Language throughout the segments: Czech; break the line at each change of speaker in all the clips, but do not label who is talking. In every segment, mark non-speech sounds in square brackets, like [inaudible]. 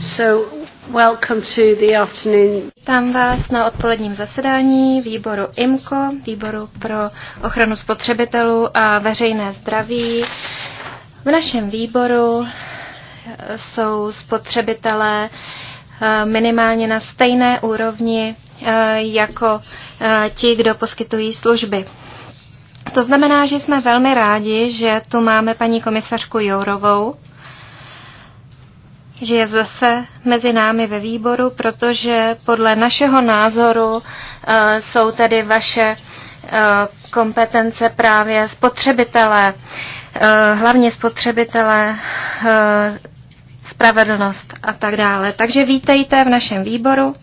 So, welcome to the afternoon. Tam vás na odpoledním zasedání výboru IMCO, výboru pro ochranu spotřebitelů a veřejné zdraví. V našem výboru eh, jsou spotřebitelé eh, minimálně na stejné úrovni eh, jako ti, kdo poskytují služby. To znamená, že jsme velmi rádi, že tu máme paní komisařku Jourovou, že je zase mezi námi ve výboru, protože podle našeho názoru uh, jsou tedy vaše uh, kompetence právě spotřebitelé, uh, hlavně spotřebitelé, uh, spravedlnost a tak dále. Takže vítejte v našem výboru.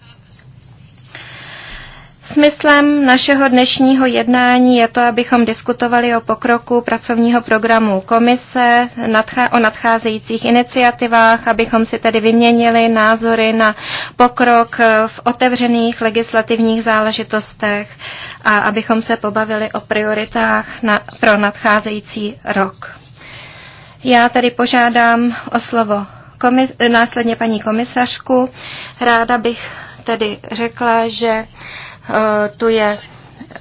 Smyslem našeho dnešního jednání je to, abychom diskutovali o pokroku pracovního programu komise, o nadcházejících iniciativách, abychom si tedy vyměnili názory na pokrok v otevřených legislativních záležitostech a abychom se pobavili o prioritách na, pro nadcházející rok. Já tedy požádám o slovo komis, následně paní komisařku. Ráda bych tedy řekla, že Eh, tu je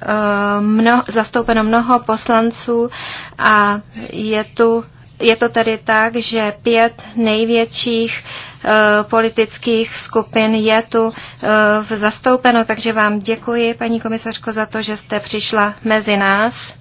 eh, mno, zastoupeno mnoho poslanců a je tu je to tedy tak, že pět největších eh, politických skupin je tu zastoupeno, takže vám děkuji, paní komisařko, za to, že jste přišla mezi nás.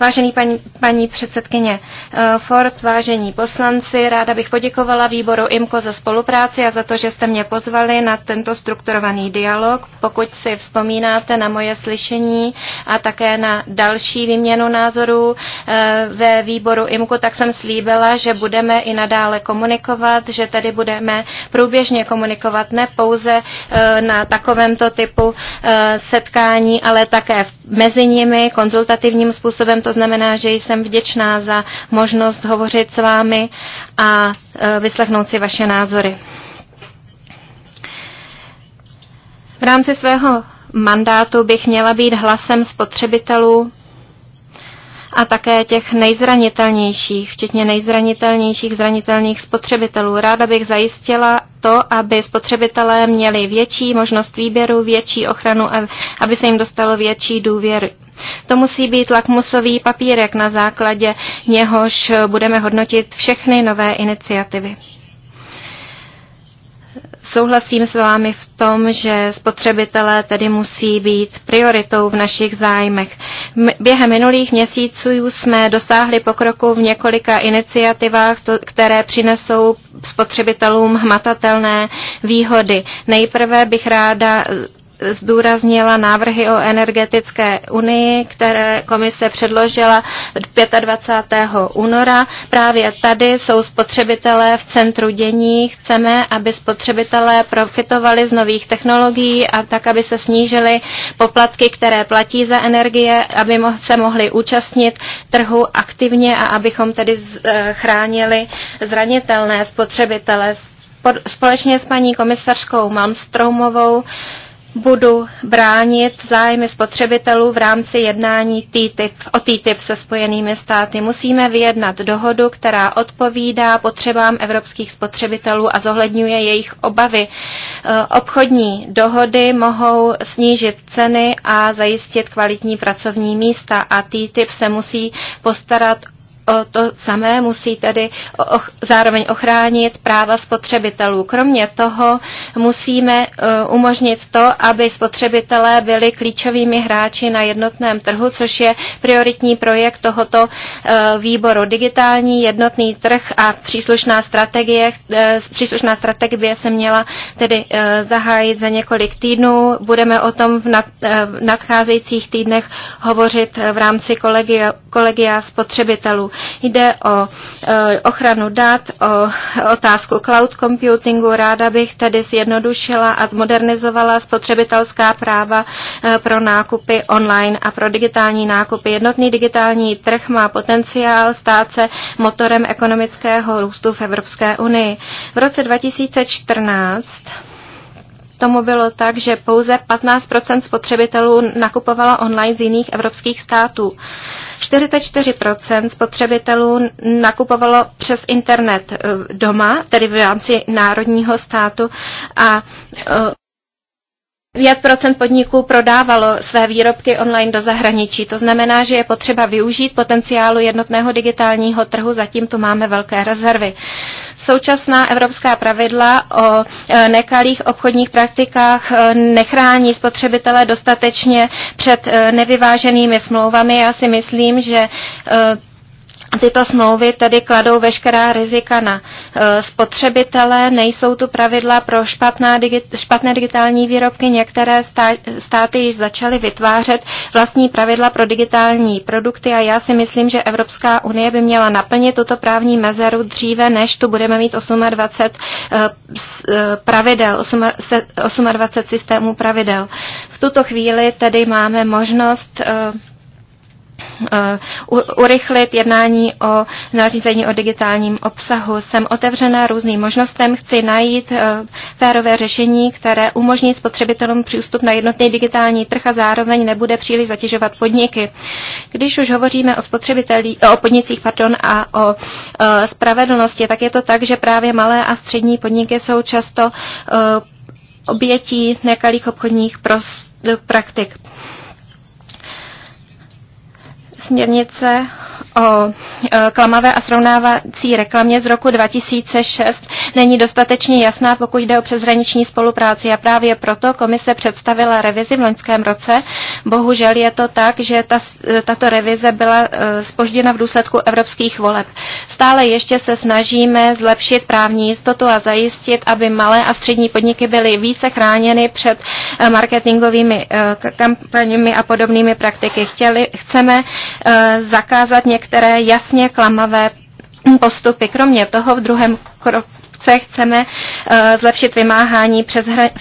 Vážený paní, paní předsedkyně eh, Ford, vážení poslanci, ráda bych poděkovala výboru IMKO za spolupráci a za to, že jste mě pozvali na tento strukturovaný dialog. Pokud si vzpomínáte na moje slyšení a také na další výměnu názorů eh, ve výboru IMKO, tak jsem slíbila, že budeme i nadále komunikovat, že tedy budeme průběžně komunikovat ne pouze eh, na takovémto typu setkání, ale také mezi nimi konzultativním způsobem to znamená, že jsem vděčná za možnost hovořit s vámi a e, vyslechnout si vaše názory. V rámci svého mandátu bych měla být hlasem spotřebitelů a také těch nejzranitelnějších, včetně nejzranitelnějších zranitelných spotřebitelů. Ráda bych zajistila to, aby spotřebitelé měli větší možnost výběru, větší ochranu a aby se jim dostalo větší důvěry. To musí být lakmusový papírek, na základě něhož budeme hodnotit všechny nové iniciativy. Souhlasím s vámi v tom, že spotřebitelé tedy musí být prioritou v našich zájmech. Během minulých měsíců jsme dosáhli pokroku v několika iniciativách, které přinesou spotřebitelům hmatatelné výhody. Nejprve bych ráda zdůraznila návrhy o energetické unii, které komise předložila 25. února. Právě tady jsou spotřebitelé v centru dění. Chceme, aby spotřebitelé profitovali z nových technologií a tak, aby se snížily poplatky, které platí za energie, aby se mohli účastnit trhu aktivně a abychom tedy eh, chránili zranitelné spotřebitele. Společně s paní komisařkou Malmstromovou budu bránit zájmy spotřebitelů v rámci jednání TTIP, o TTIP se spojenými státy. Musíme vyjednat dohodu, která odpovídá potřebám evropských spotřebitelů a zohledňuje jejich obavy. E, obchodní dohody mohou snížit ceny a zajistit kvalitní pracovní místa a TTIP se musí postarat to samé musí tedy och, zároveň ochránit práva spotřebitelů. Kromě toho musíme uh, umožnit to, aby spotřebitelé byli klíčovými hráči na jednotném trhu, což je prioritní projekt tohoto uh, výboru. Digitální jednotný trh a příslušná strategie, uh, příslušná strategie se měla tedy uh, zahájit za několik týdnů. Budeme o tom v, nad, uh, v nadcházejících týdnech hovořit v rámci kolegia, kolegia spotřebitelů. Jde o e, ochranu dat, o otázku cloud computingu. Ráda bych tedy zjednodušila a zmodernizovala spotřebitelská práva e, pro nákupy online a pro digitální nákupy. Jednotný digitální trh má potenciál stát se motorem ekonomického růstu v Evropské unii. V roce 2014 tomu bylo tak, že pouze 15 spotřebitelů nakupovalo online z jiných evropských států. 44 spotřebitelů nakupovalo přes internet eh, doma, tedy v rámci národního státu a eh, 5% podniků prodávalo své výrobky online do zahraničí. To znamená, že je potřeba využít potenciálu jednotného digitálního trhu, zatím tu máme velké rezervy. Současná evropská pravidla o e, nekalých obchodních praktikách e, nechrání spotřebitele dostatečně před e, nevyváženými smlouvami. Já si myslím, že Tyto smlouvy tedy kladou veškerá rizika na e, spotřebitele, nejsou tu pravidla pro špatná digi- špatné digitální výrobky. Některé státy již začaly vytvářet vlastní pravidla pro digitální produkty a já si myslím, že Evropská unie by měla naplnit tuto právní mezeru dříve, než tu budeme mít 28 e, e, pravidel, 28 systémů pravidel. V tuto chvíli tedy máme možnost Eh, urychlit jednání o nařízení o digitálním obsahu. Jsem otevřená různým možnostem, chci najít eh, férové řešení, které umožní spotřebitelům přístup na jednotný digitální trh a zároveň nebude příliš zatěžovat podniky. Když už hovoříme o, o podnicích pardon, a o eh, spravedlnosti, tak je to tak, že právě malé a střední podniky jsou často obětí nekalých obchodních praktik směrnice o e, klamavé a srovnávací reklamě z roku 2006 není dostatečně jasná, pokud jde o přeshraniční spolupráci a právě proto komise představila revizi v loňském roce. Bohužel je to tak, že ta, e, tato revize byla spožděna e, v důsledku evropských voleb. Stále ještě se snažíme zlepšit právní jistotu a zajistit, aby malé a střední podniky byly více chráněny před marketingovými kampaněmi a podobnými praktiky. Chtěli, chceme Eh, zakázat některé jasně klamavé postupy. Kromě toho v druhém kroku obce chceme eh, zlepšit vymáhání v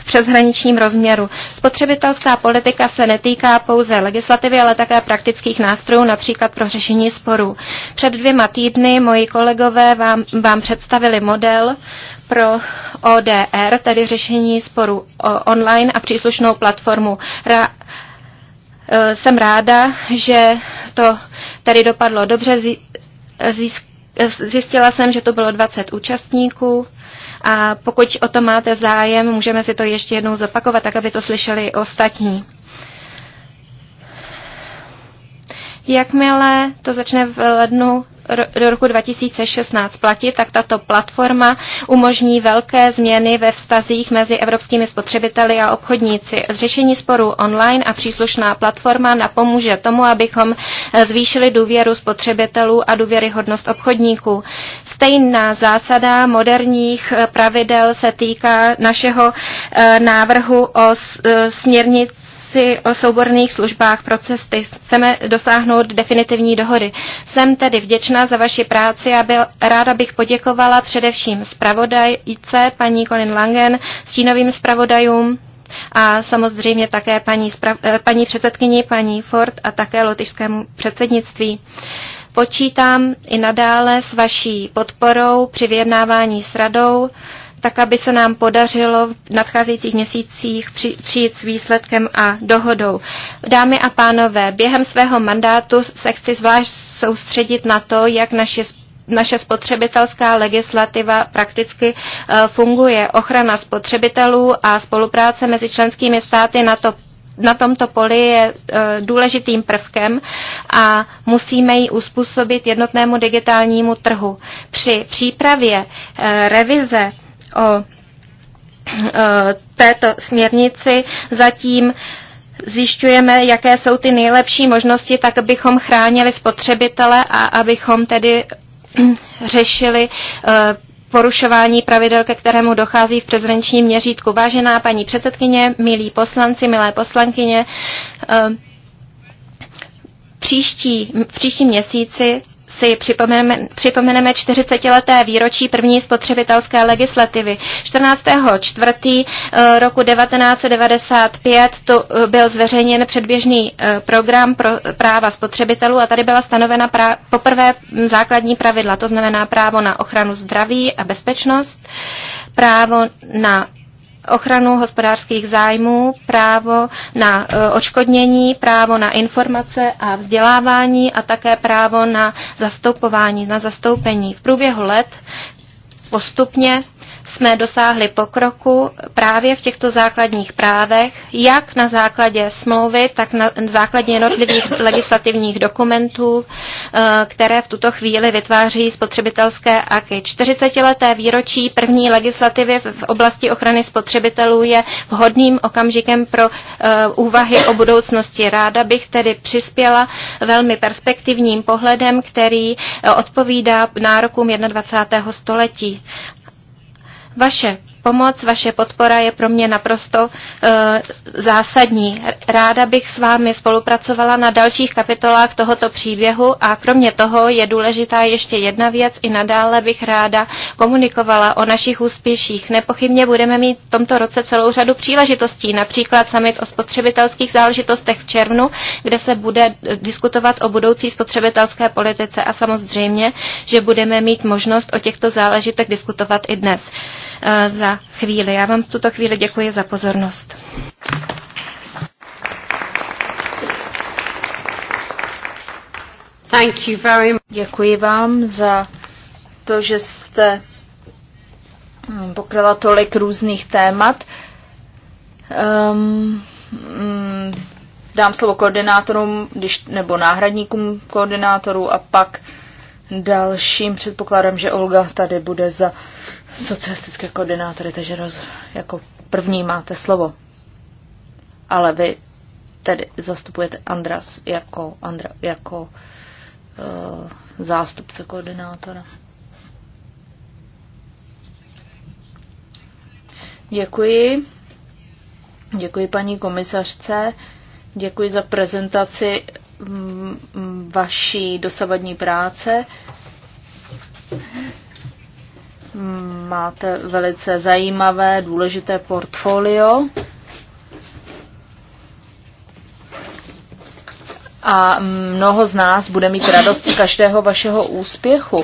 přeshraničním rozměru. Spotřebitelská politika se netýká pouze legislativy, ale také praktických nástrojů, například pro řešení sporů. Před dvěma týdny moji kolegové vám, vám představili model pro ODR, tedy řešení sporů online a příslušnou platformu. Ra- Eh, jsem ráda, že to tady dopadlo dobře. Zjistila jsem, že to bylo 20 účastníků. A pokud o to máte zájem, můžeme si to ještě jednou zopakovat, tak aby to slyšeli ostatní. Jakmile to začne v lednu do roku 2016 platit, tak tato platforma umožní velké změny ve vztazích mezi evropskými spotřebiteli a obchodníci. Řešení sporů online a příslušná platforma napomůže tomu, abychom eh, zvýšili důvěru spotřebitelů a důvěryhodnost obchodníků. Stejná zásada moderních eh, pravidel se týká našeho eh, návrhu o směrnici směrnici o souborných službách pro cesty. Chceme dosáhnout definitivní dohody. Jsem tedy vděčná za vaši práci a byl, ráda bych poděkovala především zpravodajce, paní Colin Langen, stínovým zpravodajům a samozřejmě také paní, sprav, eh, paní předsedkyni, paní Ford a také lotyšskému předsednictví. Počítám i nadále s vaší podporou při vyjednávání s radou tak aby se nám podařilo v nadcházejících měsících při, přijít s výsledkem a dohodou. Dámy a pánové, během svého mandátu se chci zvlášť soustředit na to, jak naše naše spotřebitelská legislativa prakticky eh, funguje. Ochrana spotřebitelů a spolupráce mezi členskými státy na to na tomto poli je e, důležitým prvkem a musíme ji uspůsobit jednotnému digitálnímu trhu. Při přípravě e, revize o této směrnici. Zatím zjišťujeme, jaké jsou ty nejlepší možnosti, tak abychom chránili spotřebitele a abychom tedy řešili e, porušování pravidel, ke kterému dochází v přezrenčním měřítku. Vážená paní předsedkyně, milí poslanci, milé poslankyně, e, příští, v příštím měsíci si připomeneme, připomeneme 40-leté výročí první spotřebitelské legislativy. 14. 4. Eh, roku 1995 to eh, byl zveřejněn předběžný eh, program pro práva spotřebitelů a tady byla stanovena pra, poprvé základní pravidla, to znamená právo na ochranu zdraví a bezpečnost, právo na ochranu hospodářských zájmů, právo na e, očkodnění, právo na informace a vzdělávání a také právo na zastoupování, na zastoupení. V průběhu let postupně jsme dosáhli pokroku právě v těchto základních právech, jak na základě smlouvy, tak na základě jednotlivých legislativních dokumentů, eh, které v tuto chvíli vytváří spotřebitelské aky. 40-leté výročí první legislativy v oblasti ochrany spotřebitelů je vhodným okamžikem pro eh, úvahy o budoucnosti. Ráda bych tedy přispěla velmi perspektivním pohledem, který eh, odpovídá nárokům 21. století. Vaše pomoc, vaše podpora je pro mě naprosto e, zásadní. Ráda bych s vámi spolupracovala na dalších kapitolách tohoto příběhu a kromě toho je důležitá ještě jedna věc. I nadále bych ráda komunikovala o našich úspěších. Nepochybně budeme mít v tomto roce celou řadu příležitostí, například summit o spotřebitelských záležitostech v červnu, kde se bude diskutovat o budoucí spotřebitelské politice a samozřejmě, že budeme mít možnost o těchto záležitostech diskutovat i dnes. Eh, za chvíli. Já vám v tuto chvíli děkuji za pozornost.
Thank you very much. Děkuji vám za to, že jste hm, pokryla tolik různých témat. Um, dám slovo koordinátorům když, nebo náhradníkům koordinátorů a pak dalším předpokladem, že Olga tady bude za socialistické koordinátory, takže roz, jako první máte slovo. Ale vy tedy zastupujete Andras jako, Andra, jako uh, zástupce koordinátora. Děkuji. Děkuji paní komisařce. Děkuji za prezentaci mm, mm, vaší dosavadní práce. Máte velice zajímavé, důležité portfolio. A mnoho z nás bude mít radost z každého vašeho úspěchu.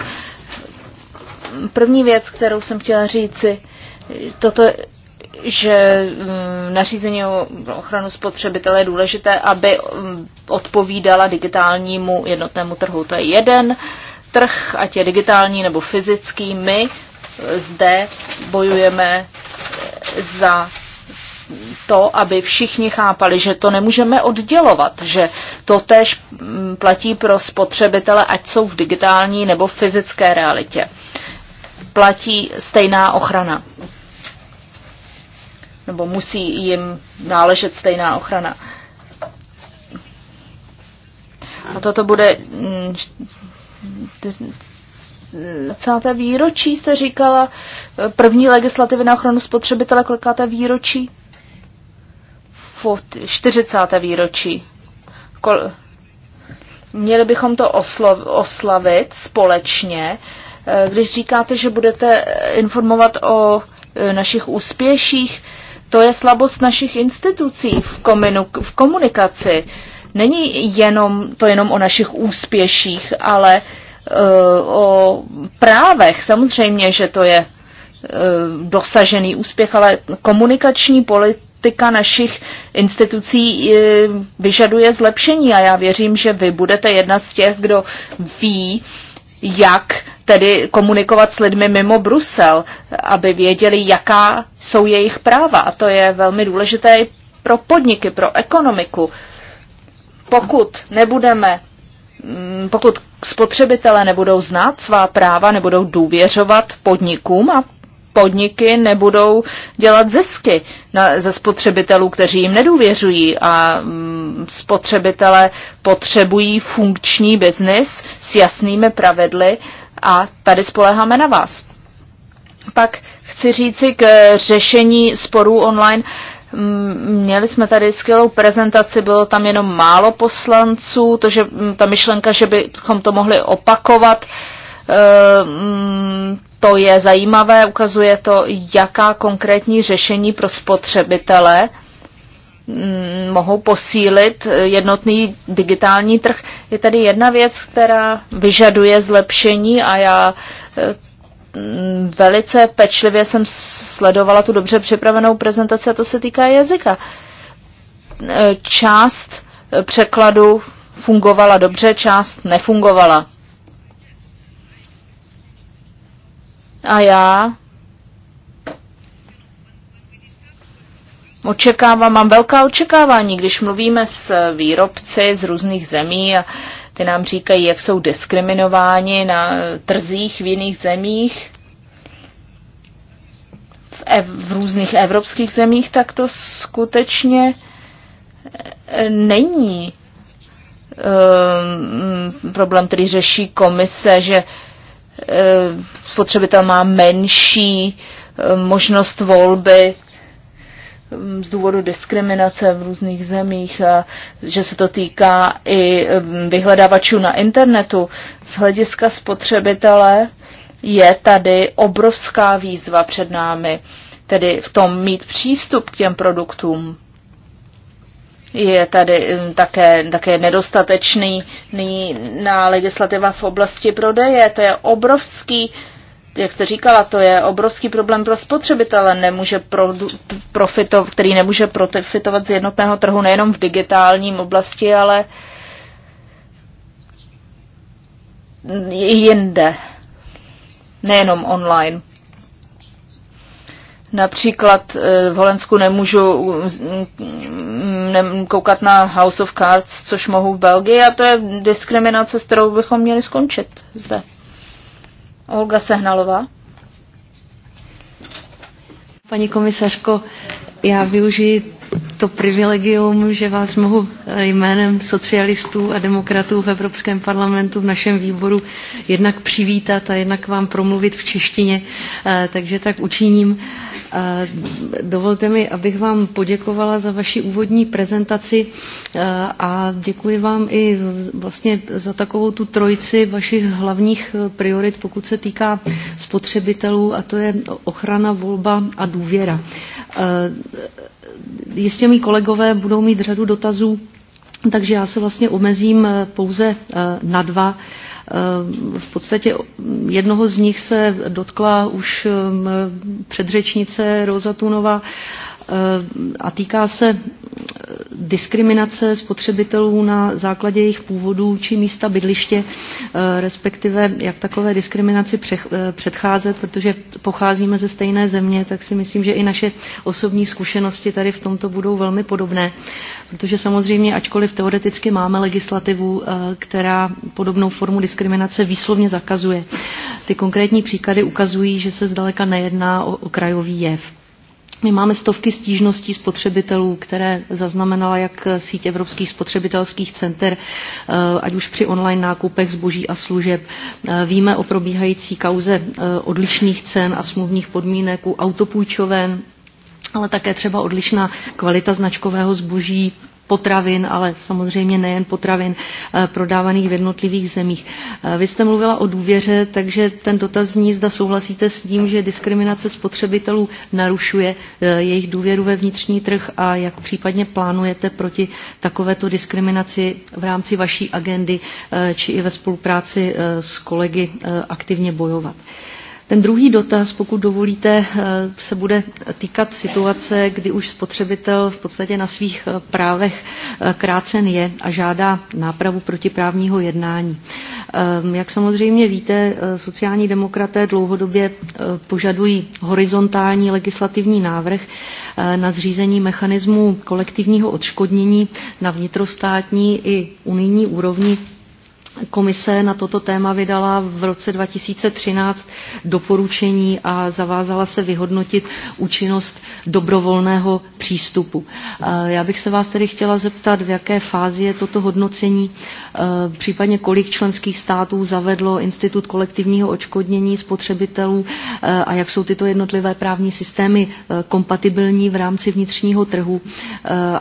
První věc, kterou jsem chtěla říci, toto že mm, nařízení o ochranu spotřebitele je důležité, aby mm, odpovídala digitálnímu jednotnému trhu. To je jeden trh, ať je digitální nebo fyzický. My zde bojujeme za to, aby všichni chápali, že to nemůžeme oddělovat, že to tež mm, platí pro spotřebitele, ať jsou v digitální nebo v fyzické realitě. Platí stejná ochrana. Nebo musí jim náležet stejná ochrana. A toto bude mm, ta výročí jste říkala první legislativy na ochranu spotřebitele, ta výročí? 40. výročí. Kol- Měli bychom to oslov, oslavit společně, eh, když říkáte, že budete informovat o eh, našich úspěších, to je slabost našich institucí v, kominu, v komunikaci. Není jenom, to jenom o našich úspěších, ale uh, o právech. Samozřejmě, že to je e, dosažený úspěch, ale komunikační politika našich institucí e, vyžaduje zlepšení a já věřím, že vy budete jedna z těch, kdo ví, jak tedy komunikovat s lidmi mimo Brusel, aby věděli, jaká jsou jejich práva. A to je velmi důležité i pro podniky, pro ekonomiku. Pokud nebudeme Mm, pokud spotřebitelé nebudou znát svá práva, nebudou důvěřovat podnikům a podniky nebudou dělat zisky na, ze spotřebitelů, kteří jim nedůvěřují a mm, spotřebitelé potřebují funkční biznis s jasnými pravidly a tady spoleháme na vás. Pak chci říci k řešení sporů online. Uh, Mm, měli jsme tady skvělou prezentaci, bylo tam jenom málo poslanců, to, že mm, ta myšlenka, že bychom to mohli opakovat, eh, mm, to je zajímavé, ukazuje to, jaká konkrétní řešení pro spotřebitele mohou posílit jednotný digitální trh. Je tady jedna věc, která vyžaduje zlepšení a já eh, Mm, velice pečlivě jsem sledovala tu dobře připravenou prezentaci a to se týká jazyka. E, část e, překladu fungovala dobře, část nefungovala. A já očekávám, mám velká očekávání, když mluvíme s výrobci z různých zemí a ty nám říkají, jak jsou diskriminováni na trzích v jiných zemích, v, ev, v různých evropských zemích, tak to skutečně eh, není um, problém, který řeší komise, že eh, spotřebitel má menší možnost volby Mm, z důvodu diskriminace v různých zemích, že se to týká i mm, vyhledávačů na internetu. Z hlediska spotřebitele je tady obrovská výzva před námi, tedy v tom mít přístup k těm produktům. Je tady mm, také, také nedostatečný na legislativa v oblasti prodeje. To je obrovský uh, jak jste říkala, to je obrovský problém pro spotřebitele, nemůže pro, profito, který nemůže profitovat z jednotného trhu nejenom v digitálním oblasti, ale i jinde, nejenom online. Například eh, v Holandsku nemůžu mm, mm, mm, koukat na House of Cards, což mohu v Belgii, a to je diskriminace, s kterou bychom měli skončit zde. Olga Sehnalová.
Paní komisařko, já využiji to privilegium, že vás mohu eh, jménem socialistů a demokratů v Evropském parlamentu v našem výboru jednak přivítat a jednak vám promluvit v češtině, eh, takže tak učiním. Eh, dovolte mi, abych vám poděkovala za vaši úvodní prezentaci a děkuji vám i vlastně za takovou tu trojici vašich hlavních priorit, pokud se týká spotřebitelů, a to je ochrana, volba a důvěra jistě mý kolegové budou mít řadu dotazů, takže já se vlastně omezím eh, pouze eh, na dva. Eh, v podstatě jednoho z nich se dotkla už předřečnice Roza Tunova Eh, a týká se eh, diskriminace spotřebitelů na základě jejich původu či místa bydliště, eh, respektive jak takové diskriminaci předcházet, protože pocházíme ze stejné země, tak si myslím, že i naše osobní zkušenosti tady v tomto budou velmi podobné, protože samozřejmě, ačkoliv teoreticky máme legislativu, která podobnou formu diskriminace výslovně zakazuje, ty konkrétní příklady ukazují, že se zdaleka nejedná o, o krajový jev. My máme stovky stížností spotřebitelů, které zaznamenala jak síť evropských spotřebitelských center, eh, ať už při online nákupech zboží a služeb. Eh, víme o probíhající kauze eh, odlišných cen a smluvních podmínek u autopůjčoven, ale také třeba odlišná kvalita značkového zboží potravin, ale samozřejmě nejen potravin eh, prodávaných v jednotlivých zemích. Eh, vy jste mluvila o důvěře, takže ten dotaz zní, zda souhlasíte s tím, že diskriminace spotřebitelů narušuje eh, jejich důvěru ve vnitřní trh a jak případně plánujete proti takovéto diskriminaci v rámci vaší agendy či i ve spolupráci s kolegy aktivně bojovat. Ten druhý dotaz, pokud dovolíte, eh, se bude týkat situace, kdy už spotřebitel v podstatě na svých eh, právech eh, krácen je a žádá nápravu protiprávního jednání. Ehm, jak samozřejmě víte, sociální demokraté dlouhodobě požadují horizontální legislativní návrh na zřízení mechanismu kolektivního odškodnění na vnitrostátní i unijní úrovni Komise na toto téma vydala v roce 2013 doporučení a zavázala se vyhodnotit účinnost dobrovolného přístupu. Eh, já bych se vás tedy chtěla zeptat, v jaké fázi je toto hodnocení, eh, případně kolik členských států zavedlo Institut kolektivního očkodnění spotřebitelů eh, a jak jsou tyto jednotlivé právní systémy kompatibilní v rámci vnitřního trhu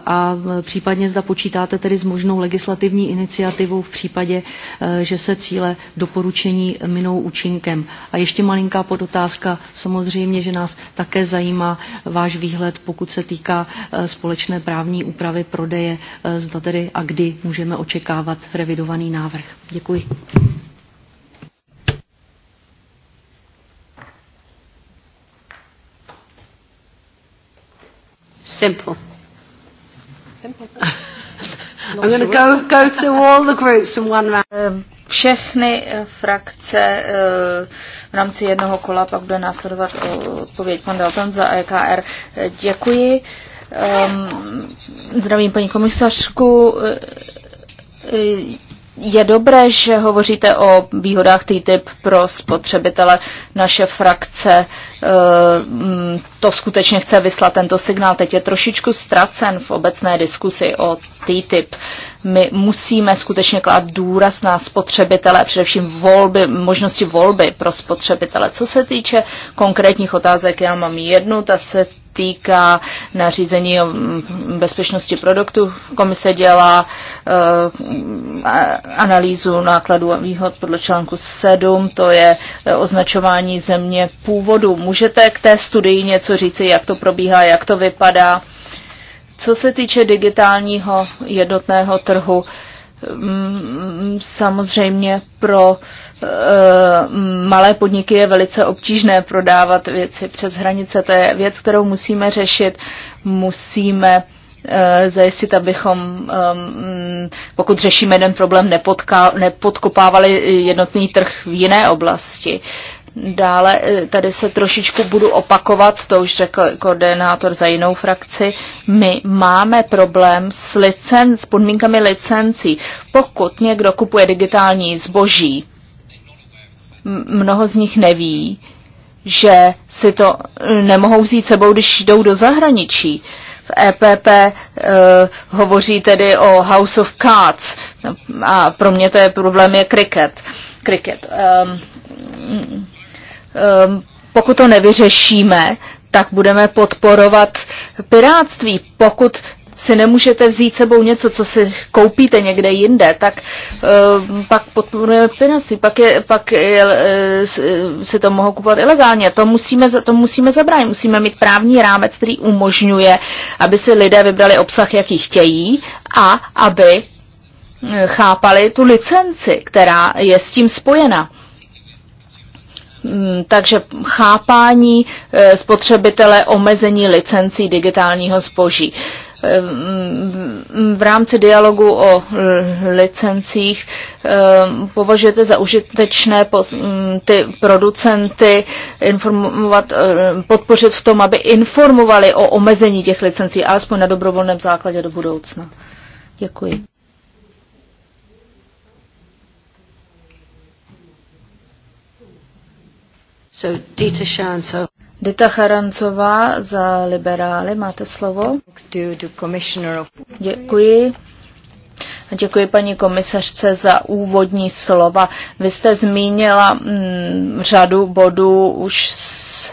a případně zda počítáte tedy s možnou legislativní iniciativou v případě, Eh, že se cíle doporučení minou účinkem. A ještě malinká podotázka, samozřejmě, že nás také zajímá váš výhled, pokud se týká eh, společné právní úpravy prodeje, eh, zda tedy a kdy můžeme očekávat revidovaný návrh. Děkuji. Simple.
Simple. [laughs] I'm going to go, go through all the groups in one round. Eh,
všechny eh, frakce eh, v rámci jednoho kola pak bude následovat odpověď pan Dalton za EKR. Děkuji. Ehm, zdravím paní komisařku je dobré, že hovoříte o výhodách TTIP pro spotřebitele. Naše frakce eh, mm, to skutečně chce vyslat tento signál. Teď je trošičku ztracen v obecné diskusi o TTIP. My musíme skutečně klát důraz na spotřebitele, především volby, možnosti volby pro spotřebitele. Co se týče konkrétních otázek, já mám jednu, ta se týká nařízení o bezpečnosti produktů. Komise dělá eh, analýzu nákladů a výhod podle článku 7, to je eh, označování země původu. Můžete k té studii něco říci, jak to probíhá, jak to vypadá? Co se týče digitálního jednotného trhu, Mm, samozřejmě pro eh, malé podniky je velice obtížné prodávat věci přes hranice. To je věc, kterou musíme řešit. Musíme eh, zajistit, abychom, ehm, mm, pokud řešíme jeden problém, nepodkopávali jednotný trh v jiné oblasti. Dále eh, tady se trošičku budu opakovat, to už řekl koordinátor za jinou frakci. My máme problém s, licen- s podmínkami licencí. Pokud někdo kupuje digitální zboží, mnoho z nich neví, že si to eh, nemohou vzít sebou, když jdou do zahraničí. V EPP uh, eh, hovoří tedy o House of Cards no, a pro mě to je problém je Cricket, Kriket. Um, ehm, Ehm, pokud to nevyřešíme, tak budeme podporovat piráctví. Pokud si nemůžete vzít sebou něco, co si koupíte někde jinde, tak uh, pak podporujeme piráctví, pak, je, pak je, uh, si to mohou kupovat ilegálně. To musíme, to musíme zabránit, musíme mít právní rámec, který umožňuje, aby si lidé vybrali obsah, jaký chtějí a aby eh, chápali tu licenci, která je s tím spojena. Mm, takže chápání eh, spotřebitele omezení licencí digitálního zboží. Eh, mm, v rámci dialogu o licencích eh, považujete za užitečné mm, ty producenty informovat, podpořit v tom, aby informovali o omezení těch licencí, alespoň na dobrovolném základě do budoucna. Děkuji. So, Dita so Dita Charancová za liberály, máte slovo. Děkuji. Děkuji paní komisařce za úvodní slova. Vy jste zmínila mm, řadu bodů už s,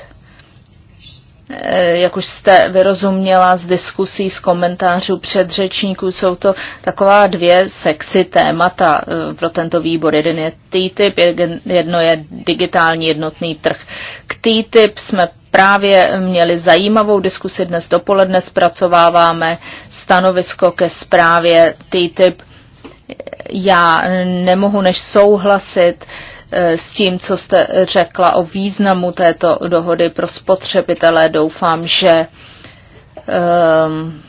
Eh, jak už jste vyrozuměla z diskusí, z komentářů předřečníků, jsou to taková dvě sexy témata eh, pro tento výbor. Jeden je TTIP, jedno je digitální jednotný trh. K TTIP jsme právě měli zajímavou diskusi dnes dopoledne, zpracováváme stanovisko ke zprávě TTIP. Já nemohu než souhlasit, Eh, s tím, co jste řekla o významu této dohody pro spotřebitele. Doufám, že um,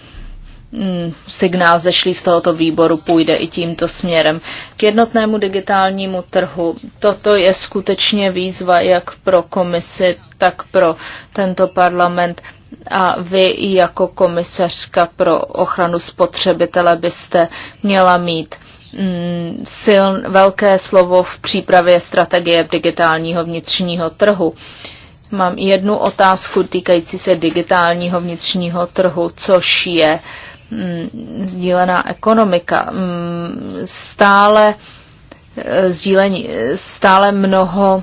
signál zešlý z tohoto výboru půjde i tímto směrem. K jednotnému digitálnímu trhu. Toto je skutečně výzva jak pro komisi, tak pro tento parlament. A vy jako komisařka pro ochranu spotřebitele byste měla mít Mm, sil, velké slovo v přípravě strategie digitálního vnitřního trhu. Mám jednu otázku týkající se digitálního vnitřního trhu, což je mm, sdílená ekonomika. Mm, stále eh, sdílení, stále mnoho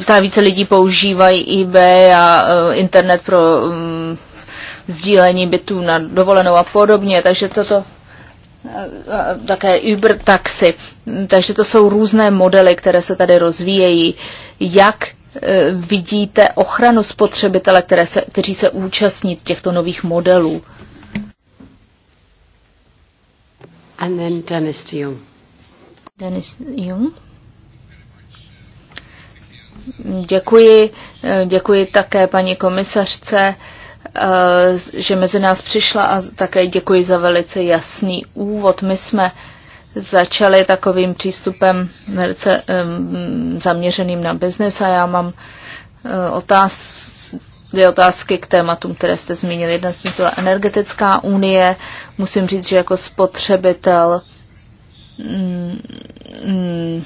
stále více lidí používají eBay a eh, internet pro sdílení bytů na dovolenou a podobně, takže toto také Uber taxi. Takže to jsou různé modely, které se tady rozvíjejí. Jak eh, vidíte ochranu spotřebitele, které se, kteří se účastní těchto nových modelů? And then Dennis Jung. Dennis Jung. Děkuji, eh, děkuji také paní komisařce Eh, že mezi nás přišla a také děkuji za velice jasný úvod. My jsme začali takovým přístupem velice zaměřeným na biznes a já mám eh, otáz, dvě otázky k tématům, které jste zmínili. Jedna z nich byla energetická unie. Musím říct, že jako spotřebitel mm, mm,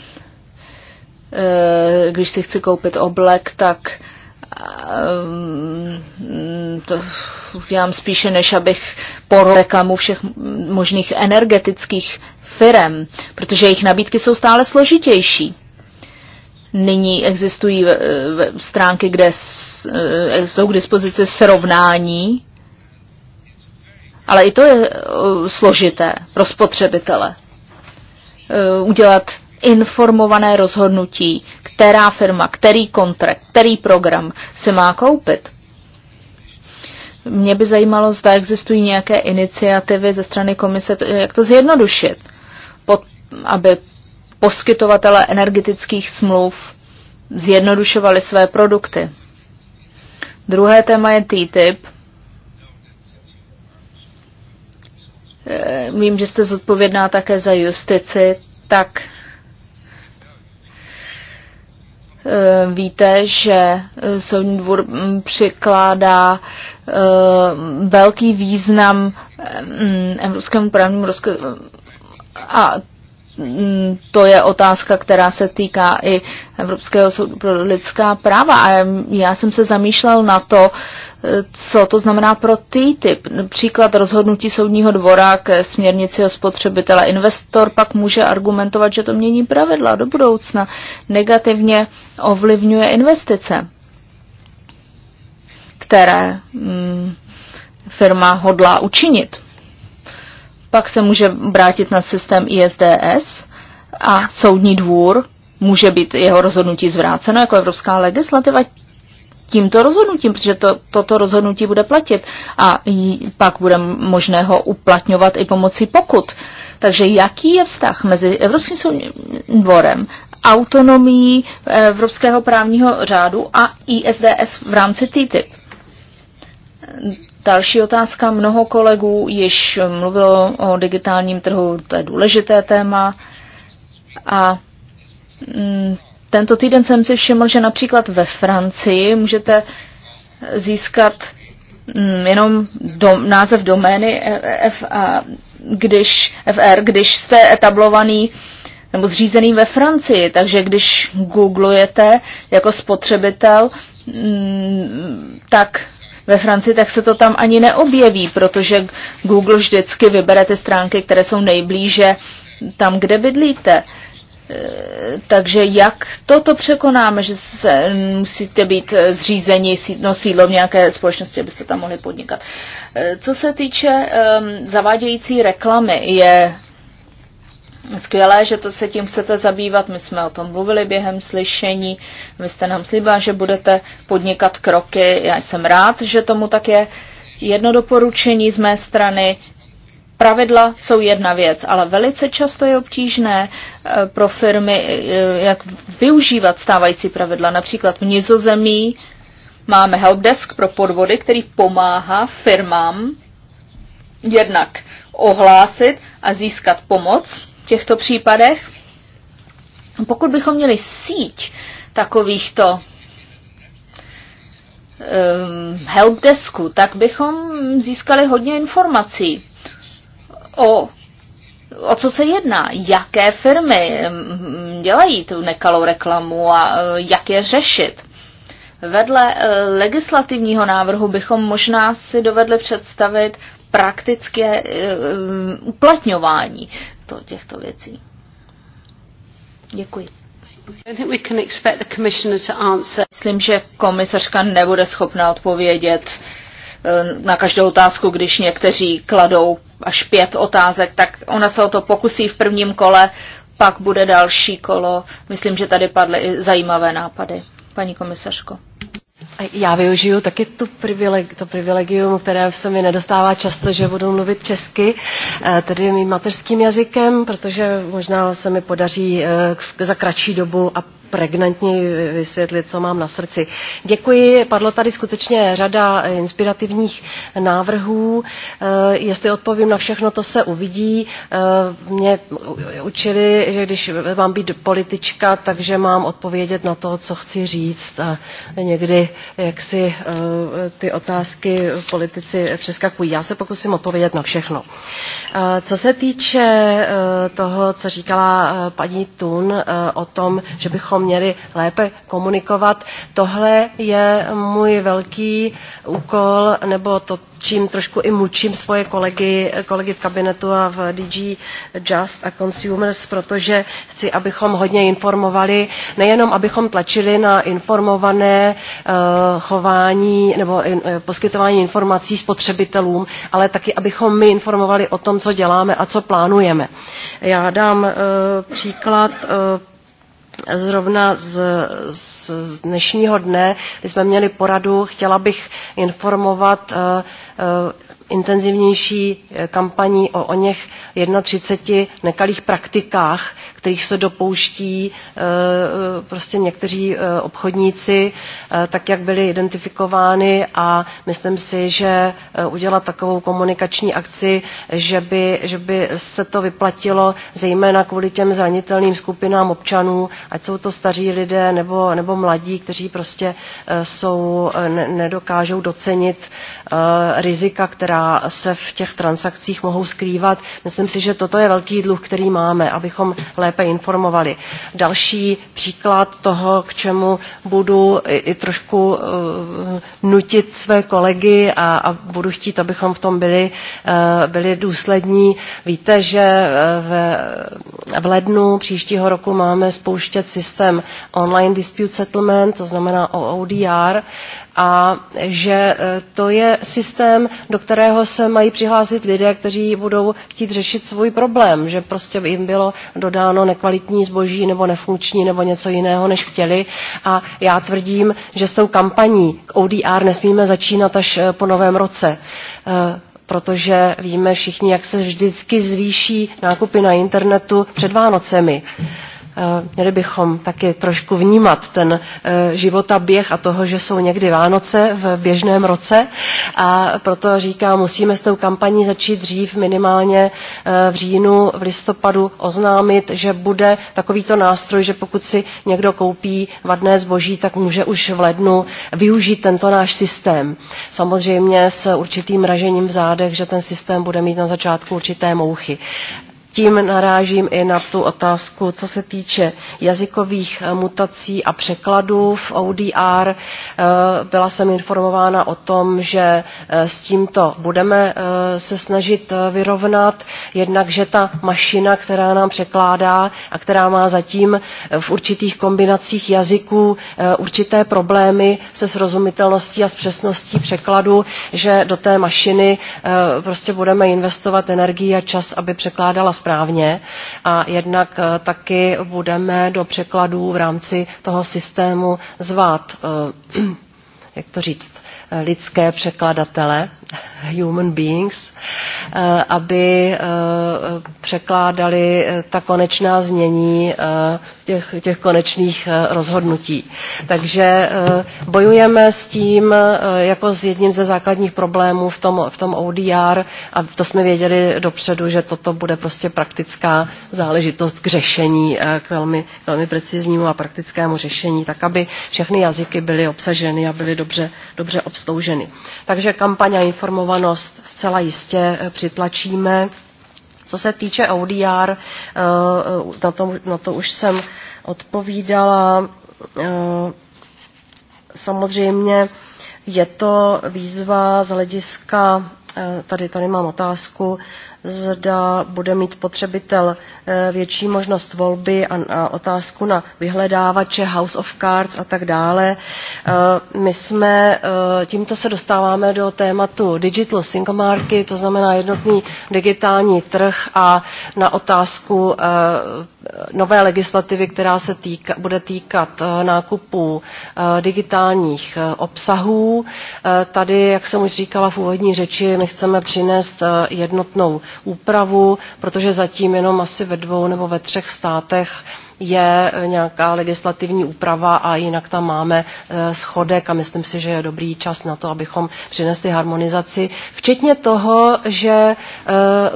eh, když si chci koupit oblek, tak Ehm, to udělám spíše, než abych porol reklamu všech možných energetických firem, protože jejich nabídky jsou stále složitější. Nyní existují eh, stránky, kde eh, jsou k dispozici srovnání, ale i to je eh, složité pro spotřebitele. Udělat informované rozhodnutí, která firma, který kontrakt, který program se má koupit. Mě by zajímalo, zda existují nějaké iniciativy ze strany komise, jak to zjednodušit, pod, aby poskytovatele energetických smluv zjednodušovali své produkty. Druhé téma je TTIP. Eh, vím, že jste zodpovědná také za justici, tak Eh, víte, že eh, soudní dvůr mm, přikládá eh, velký význam mm, evropskému právnímu rozkazu a mm, to je otázka, která se týká i Evropského soudu pro lidská práva. A já jsem se zamýšlel na to, co to znamená pro typ? Příklad rozhodnutí soudního dvora k směrnici o spotřebitele. Investor pak může argumentovat, že to mění pravidla do budoucna, negativně ovlivňuje investice, které mm, firma hodlá učinit. Pak se může vrátit na systém ISDS a soudní dvůr může být jeho rozhodnutí zvráceno jako evropská legislativa tímto rozhodnutím, protože to, toto rozhodnutí bude platit a pak bude možné ho uplatňovat i pomocí pokut. Takže jaký je vztah mezi Evropským soudním dvorem, autonomií Evropského právního řádu a ISDS v rámci TTIP? Další otázka. Mnoho kolegů již mluvilo o digitálním trhu, to je důležité téma. A mm, tento týden jsem si všiml, že například ve Francii můžete získat mm, jenom dom, název domény FA, když, FR, když jste etablovaný nebo zřízený ve Francii. Takže když googlujete jako spotřebitel, mm, tak ve Francii, tak se to tam ani neobjeví, protože Google vždycky vybere ty stránky, které jsou nejblíže tam, kde bydlíte. Eh, takže jak toto překonáme, že se, musíte být eh, zřízení no, sídlo v nějaké společnosti, abyste tam mohli podnikat. Eh, co se týče um, zavádějící reklamy, je skvělé, že to se tím chcete zabývat. My jsme o tom mluvili během slyšení. Vy jste nám slíbila, že budete podnikat kroky. Já jsem rád, že tomu tak je. Jedno doporučení z mé strany Pravidla jsou jedna věc, ale velice často je obtížné eh, pro firmy, eh, jak využívat stávající pravidla. Například v Nizozemí máme helpdesk pro podvody, který pomáhá firmám jednak ohlásit a získat pomoc v těchto případech. Pokud bychom měli síť takovýchto um, ehm, helpdesku, tak bychom získali hodně informací o o co se jedná, jaké firmy dělají tu nekalou reklamu a e, jak je řešit. Vedle e, legislativního návrhu bychom možná si dovedli představit praktické e, uplatňování to, těchto věcí. Děkuji. Myslím, že komisařka nebude schopna odpovědět na každou otázku, když někteří kladou až pět otázek, tak ona se o to pokusí v prvním kole, pak bude další kolo. Myslím, že tady padly i zajímavé nápady, paní komisařko.
Já využiju taky tu privileg, to privilegium, které se mi nedostává často, že budu mluvit česky, eh, tedy mým mateřským jazykem, protože možná se mi podaří eh, za kratší dobu a pregnantněji vysvětlit, co mám na srdci. Děkuji, padlo tady skutečně řada inspirativních návrhů. Eh, jestli odpovím na všechno, to se uvidí. Eh, mě učili, že když mám být politička, takže mám odpovědět na to, co chci říct. A někdy, jak si eh, ty otázky politici přeskakují. Já se pokusím odpovědět na všechno. Co se týče toho, co říkala paní Tun o tom, že bychom měli lépe komunikovat. Tohle je můj velký úkol, nebo to, čím trošku i mučím svoje kolegy, kolegy v kabinetu a v DG Just a Consumers, protože chci, abychom hodně informovali, nejenom abychom tlačili na informované uh, chování nebo in, eh, poskytování informací spotřebitelům, ale taky, abychom my informovali o tom, co děláme a co plánujeme. Já dám uh, příklad uh, zrovna z, z, z dnešního dne, kdy jsme měli poradu, chtěla bych informovat uh, uh, intenzivnější kampaní o o něch 31 nekalých praktikách, kterých se dopouští eh, eh, prostě někteří eh, obchodníci, tak jak byly identifikovány a myslím si, že udělat takovou komunikační akci, že by, že by se to vyplatilo zejména kvůli těm zranitelným skupinám občanů, ať jsou to staří lidé nebo, nebo mladí, kteří prostě jsou, ne, nedokážou docenit rizika, která se v těch transakcích mohou skrývat. Myslím si, že toto je velký dluh, který máme, abychom lépe lépe informovali. Další příklad toho, k čemu budu i trošku eh, nutit své kolegy a, a budu chtít, abychom v tom byli, eh, byli důslední. Víte, že eh, v, v lednu příštího roku máme spouštět systém online dispute settlement, to znamená OODR, a že e, to je systém, do kterého se mají přihlásit lidé, kteří budou chtít řešit svůj problém, že prostě jim bylo dodáno nekvalitní zboží nebo nefunkční nebo něco jiného, než chtěli. A já tvrdím, že s tou kampaní k ODR nesmíme začínat až e, po novém roce e, protože víme všichni, jak se vždycky zvýší nákupy na internetu před Vánocemi. Eh, měli bychom taky trošku vnímat ten eh, život a běh a toho, že jsou někdy Vánoce v běžném roce a proto říkám, musíme s tou kampaní začít dřív, minimálně eh, v říjnu, v listopadu oznámit, že bude takovýto nástroj, že pokud si někdo koupí vadné zboží, tak může už v lednu využít tento náš systém. Samozřejmě s určitým ražením v zádech, že ten systém bude mít na začátku určité mouchy tím narážím i na tu otázku, co se týče jazykových eh, mutací a překladů v ODR. Eh, byla jsem informována o tom, že eh, s tímto budeme se snažit vyrovnat, jednak, že ta mašina, která nám překládá a která má zatím v určitých kombinacích jazyků určité problémy se srozumitelností a s přesností překladu, že do té mašiny prostě budeme investovat energii a čas, aby překládala správně a jednak eh, taky budeme do překladů v rámci toho systému zvát, eh, [clears throat] jak to říct, eh, lidské překladatele, human beings, eh, aby eh, překládali eh, ta konečná znění těch, těch konečných rozhodnutí. Takže bojujeme s tím jako s jedním ze základních problémů v tom, v tom ODR a to jsme věděli dopředu, že toto bude prostě praktická záležitost k řešení, k velmi, k velmi preciznímu a praktickému řešení, tak aby všechny jazyky byly obsaženy a byly dobře, dobře obslouženy. Takže kampaň a informovanost zcela jistě eh, přitlačíme. Co se týče ODR, eh, na to, na to už jsem odpovídala. Eh, samozřejmě je to výzva z hlediska, tady, tady mám otázku, zda bude mít potřebitel eh, větší možnost volby a otázku na vyhledávače, House of Cards a tak dále. Eh, my jsme, eh, tímto se dostáváme do tématu Digital Single Market, to znamená jednotný digitální trh a na otázku nové legislativy, která se týka, bude týkat nákupu digitálních obsahů. Tady, jak jsem už říkala v úvodní řeči, my chceme přinést jednotnou úpravu, protože zatím jenom asi ve dvou nebo ve třech státech je eh, nějaká legislativní úprava a jinak tam máme eh, schodek a myslím si, že je dobrý čas na to, abychom přinesli harmonizaci, včetně toho, že eh,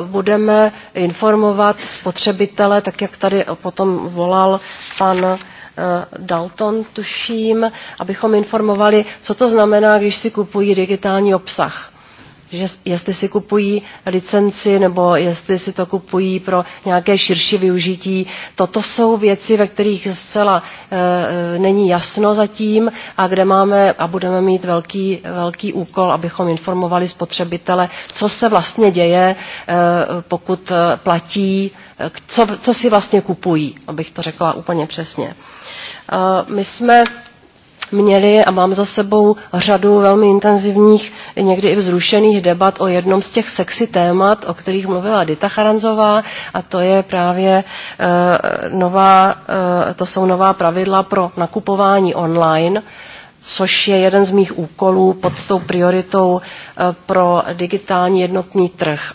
budeme informovat spotřebitele, tak jak tady potom volal pan Dalton, tuším, abychom informovali, co to znamená, když si kupují digitální obsah že jestli si kupují licenci nebo jestli si to kupují pro nějaké širší využití. Toto jsou věci, ve kterých zcela e, e, není jasno zatím a kde máme a budeme mít velký, velký úkol, abychom informovali spotřebitele, co se vlastně děje, e, pokud e, platí, e, co, co si vlastně kupují, abych to řekla úplně přesně. E, my jsme měli a mám za sebou řadu velmi intenzivních, někdy i vzrušených debat o jednom z těch sexy témat, o kterých mluvila Dita Charanzová, a to je právě uh, nová, uh, to jsou nová pravidla pro nakupování online, což je jeden z mých úkolů pod tou prioritou uh, pro digitální jednotný trh.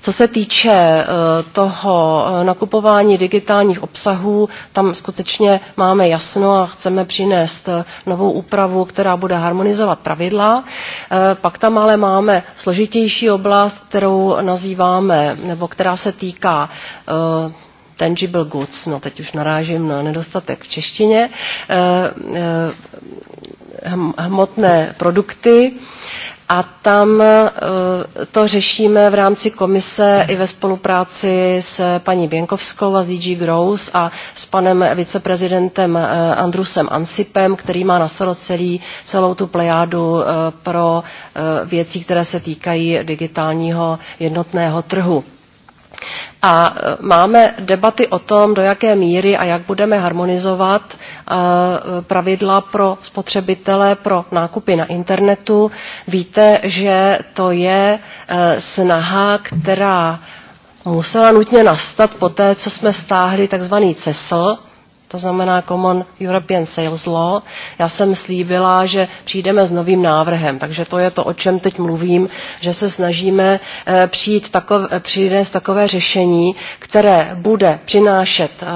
Co se týče eh, toho eh, nakupování digitálních obsahů, tam skutečně máme jasno a chceme přinést eh, novou úpravu, která bude harmonizovat pravidla. Pak tam ale máme složitější oblast, kterou nazýváme, nebo která se týká tangible goods, no teď už narážím na nedostatek v češtině, hm, hmotné produkty a tam eh, to řešíme v rámci komise i ve spolupráci s paní Běnkovskou a s DG Gross a s panem viceprezidentem eh, Andrusem Ansipem, který má na celý, celou tu plejádu eh, pro věcí, které se týkají digitálního jednotného trhu. A e, máme debaty o tom, do jaké míry a jak budeme harmonizovat e, pravidla pro spotřebitele pro nákupy na internetu. Víte, že to je e, snaha, která musela nutně nastat po té, co jsme stáhli tzv. CESL, to znamená Common European Sales Law. Já jsem slíbila, že přijdeme s novým návrhem, takže to je to, o čem teď mluvím, že se snažíme eh, přijít takové, eh, přinést takové řešení, které bude přinášet eh,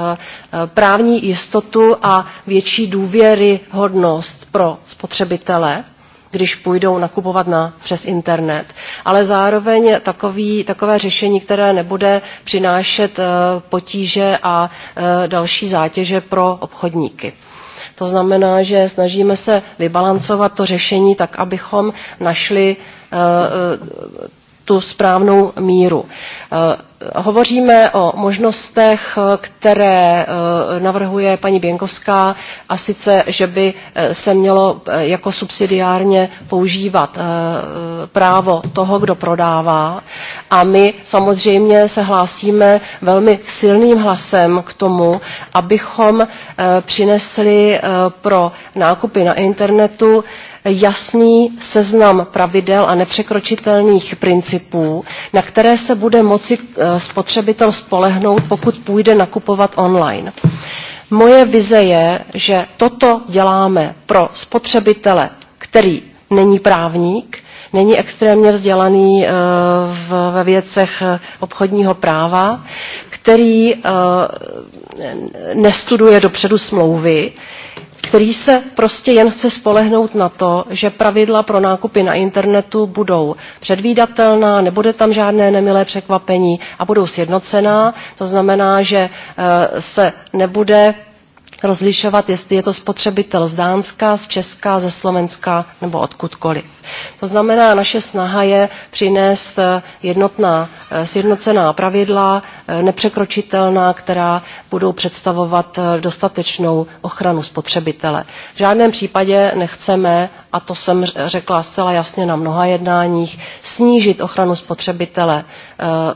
právní jistotu a větší důvěryhodnost pro spotřebitele když půjdou nakupovat na, přes internet. Ale zároveň takový, takové řešení, které nebude přinášet eh, potíže a eh, další zátěže pro obchodníky. To znamená, že snažíme se vybalancovat to řešení tak, abychom našli eh, tu správnou míru. Eh, hovoříme o možnostech, které eh, navrhuje paní Běnkovská, a sice, že by eh, se mělo jako subsidiárně používat právo toho, kdo prodává. A my samozřejmě se hlásíme velmi silným hlasem k tomu, abychom přinesli pro nákupy na internetu jasný seznam pravidel a nepřekročitelných principů, na které se bude moci eh, spotřebitel spolehnout, pokud půjde nakupovat online. Moje vize je, že toto děláme pro spotřebitele, který není právník, není extrémně vzdělaný eh, ve věcech eh, obchodního práva, který nestuduje dopředu smlouvy, který se prostě jen chce spolehnout na to, že pravidla pro nákupy na internetu budou předvídatelná, nebude tam žádné nemilé překvapení a budou sjednocená. To znamená, že eh, se nebude rozlišovat, jestli je to spotřebitel z Dánska, z Česka, ze Slovenska nebo odkudkoliv. To znamená, naše snaha je přinést eh, jednotná, eh, sjednocená pravidla, eh, nepřekročitelná, která budou představovat dostatečnou ochranu spotřebitele. V žádném případě nechceme, a to jsem řekla zcela jasně na mnoha jednáních, snížit ochranu spotřebitele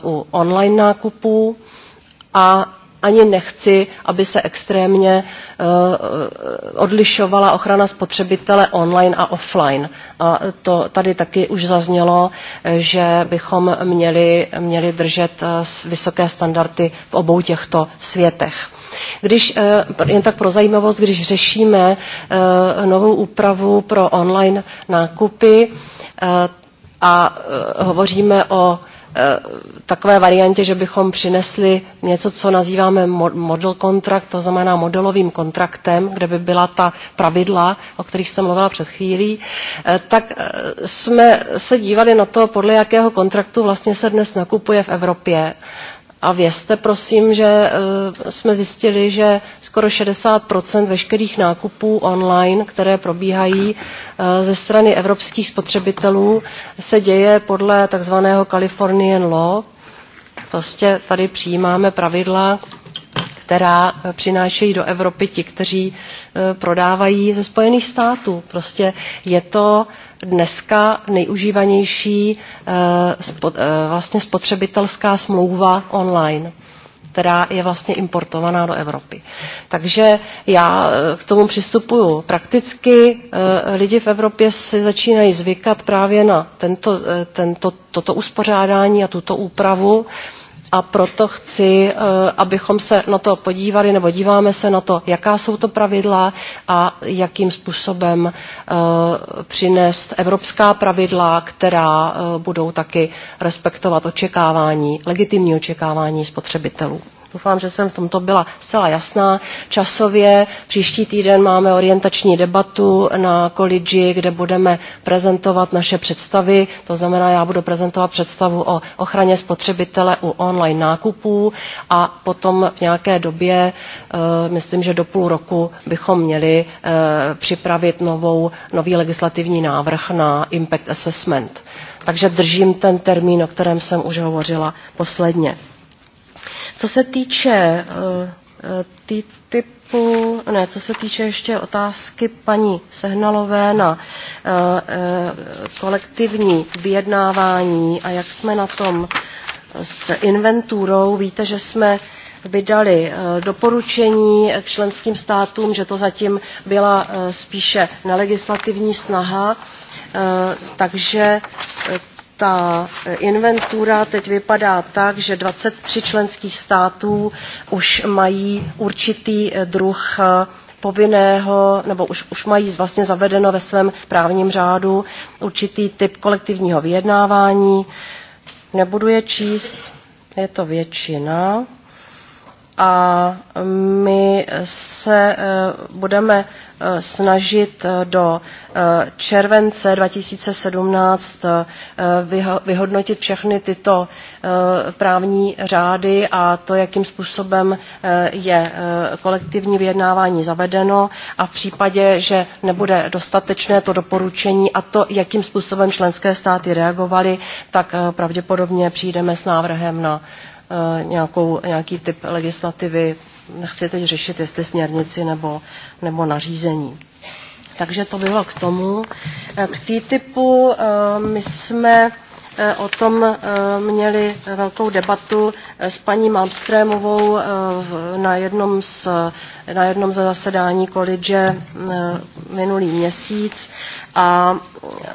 u online nákupů a ani nechci, aby se extrémně eh, eh, odlišovala ochrana spotřebitele online a offline. A to tady taky už zaznělo, eh, že bychom měli, měli držet vysoké standardy v obou těchto světech. Když, jen tak pro zajímavost, když řešíme novou úpravu pro online nákupy a hovoříme o Eh, takové variantě, že bychom přinesli něco, co nazýváme model kontrakt, to znamená modelovým kontraktem, kde by byla ta pravidla, o kterých jsem mluvila před chvílí, eh, tak eh, jsme se dívali na to, podle jakého kontraktu vlastně se dnes nakupuje v Evropě. A vězte prosím, že eh, jsme zjistili, že skoro 60 veškerých nákupů online, které probíhají eh, ze strany evropských spotřebitelů, se děje podle takzvaného Californian Law. Prostě tady přijímáme pravidla, která eh, přinášejí do Evropy ti, kteří prodávají ze Spojených států. Prostě je to dneska nejužívanější eh, eh, vlastně spotřebitelská smlouva online která je vlastně importovaná do Evropy. Takže já eh, k tomu přistupuju prakticky. Lidi v Evropě si začínají zvykat právě na tento, tento, toto uspořádání a tuto úpravu a proto chci, eh, abychom se na to podívali, nebo díváme se na to, jaká jsou to pravidla a jakým způsobem eh, přinést evropská pravidla, která eh, budou taky respektovat očekávání, legitimní očekávání spotřebitelů. Doufám, že jsem v tomto byla zcela jasná. Časově příští týden máme orientační debatu na kolidži, kde budeme prezentovat naše představy. To znamená, já budu prezentovat představu o ochraně spotřebitele u online nákupů a potom v nějaké době, eh, myslím, že do půl roku bychom měli eh, připravit novou, nový legislativní návrh na impact assessment. Takže držím ten termín, o kterém jsem už hovořila posledně. Co se týče eh, eh, ty typu, ne, co se týče ještě otázky paní Sehnalové na eh, kolektivní vyjednávání a jak jsme na tom s inventurou, víte, že jsme vydali doporučení k členským státům, že to zatím byla spíše nelegislativní snaha, takže ta inventura teď vypadá tak, že 23 členských států už mají určitý druh povinného, nebo už, už mají vlastně zavedeno ve svém právním řádu určitý typ kolektivního vyjednávání. Nebudu je číst, je to většina a my se eh, budeme eh, snažit eh, do července 2017 vyhodnotit všechny tyto právní řády a to, jakým způsobem je kolektivní vyjednávání zavedeno a v případě, že nebude dostatečné to doporučení a to, jakým způsobem členské státy reagovaly, tak pravděpodobně přijdeme s návrhem na Eh, nějakou, nějaký typ legislativy. Nechci teď řešit, jestli směrnici nebo, nebo nařízení. Takže to bylo k tomu. Eh, k TTIPu eh, my jsme o tom měli velkou debatu s paní Malmströmovou na jednom, z, na jednom ze zasedání kolidže minulý měsíc. A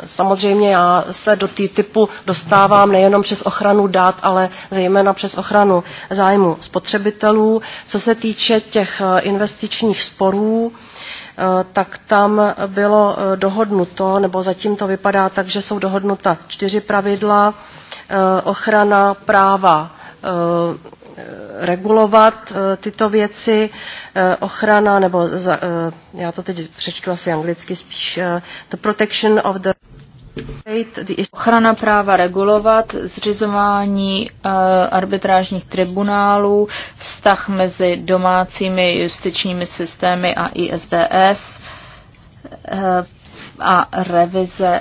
samozřejmě já se do té typu dostávám nejenom přes ochranu dat, ale zejména přes ochranu zájmu spotřebitelů. Co se týče těch eh, investičních sporů, eh, tak tam bylo eh, dohodnuto, nebo zatím to vypadá tak, že jsou dohodnuta čtyři pravidla. Ochrana práva Eh, regulovat eh, tyto věci, eh, ochrana, nebo za, já to teď přečtu asi anglicky spíš, the protection of the Ochrana práva regulovat, zřizování
uh, arbitrážních tribunálů, vztah mezi domácími justičními systémy a ISDS uh, a revize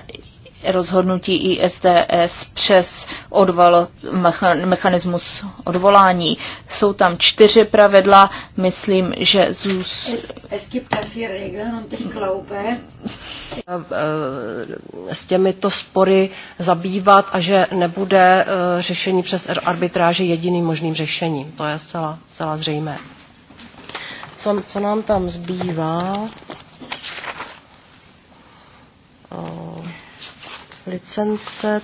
rozhodnutí ISDS přes odval, mechanismus odvolání. Jsou tam čtyři pravidla, myslím,
že ZUS...
Eh,
eh, s těmito spory zabývat a že nebude eh, řešení přes arbitráže jediným možným řešením. To je zcela, zcela zřejmé. Co, co nám tam zbývá? licence,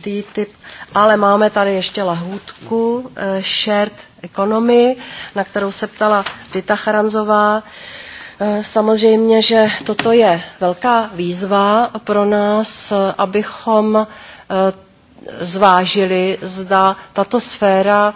TTIP, ale máme tady ještě lahůdku eh, shared economy, na kterou se ptala Dita Charanzová. Eh, samozřejmě, že toto je velká výzva pro nás, eh, abychom zvážili, zda tato sféra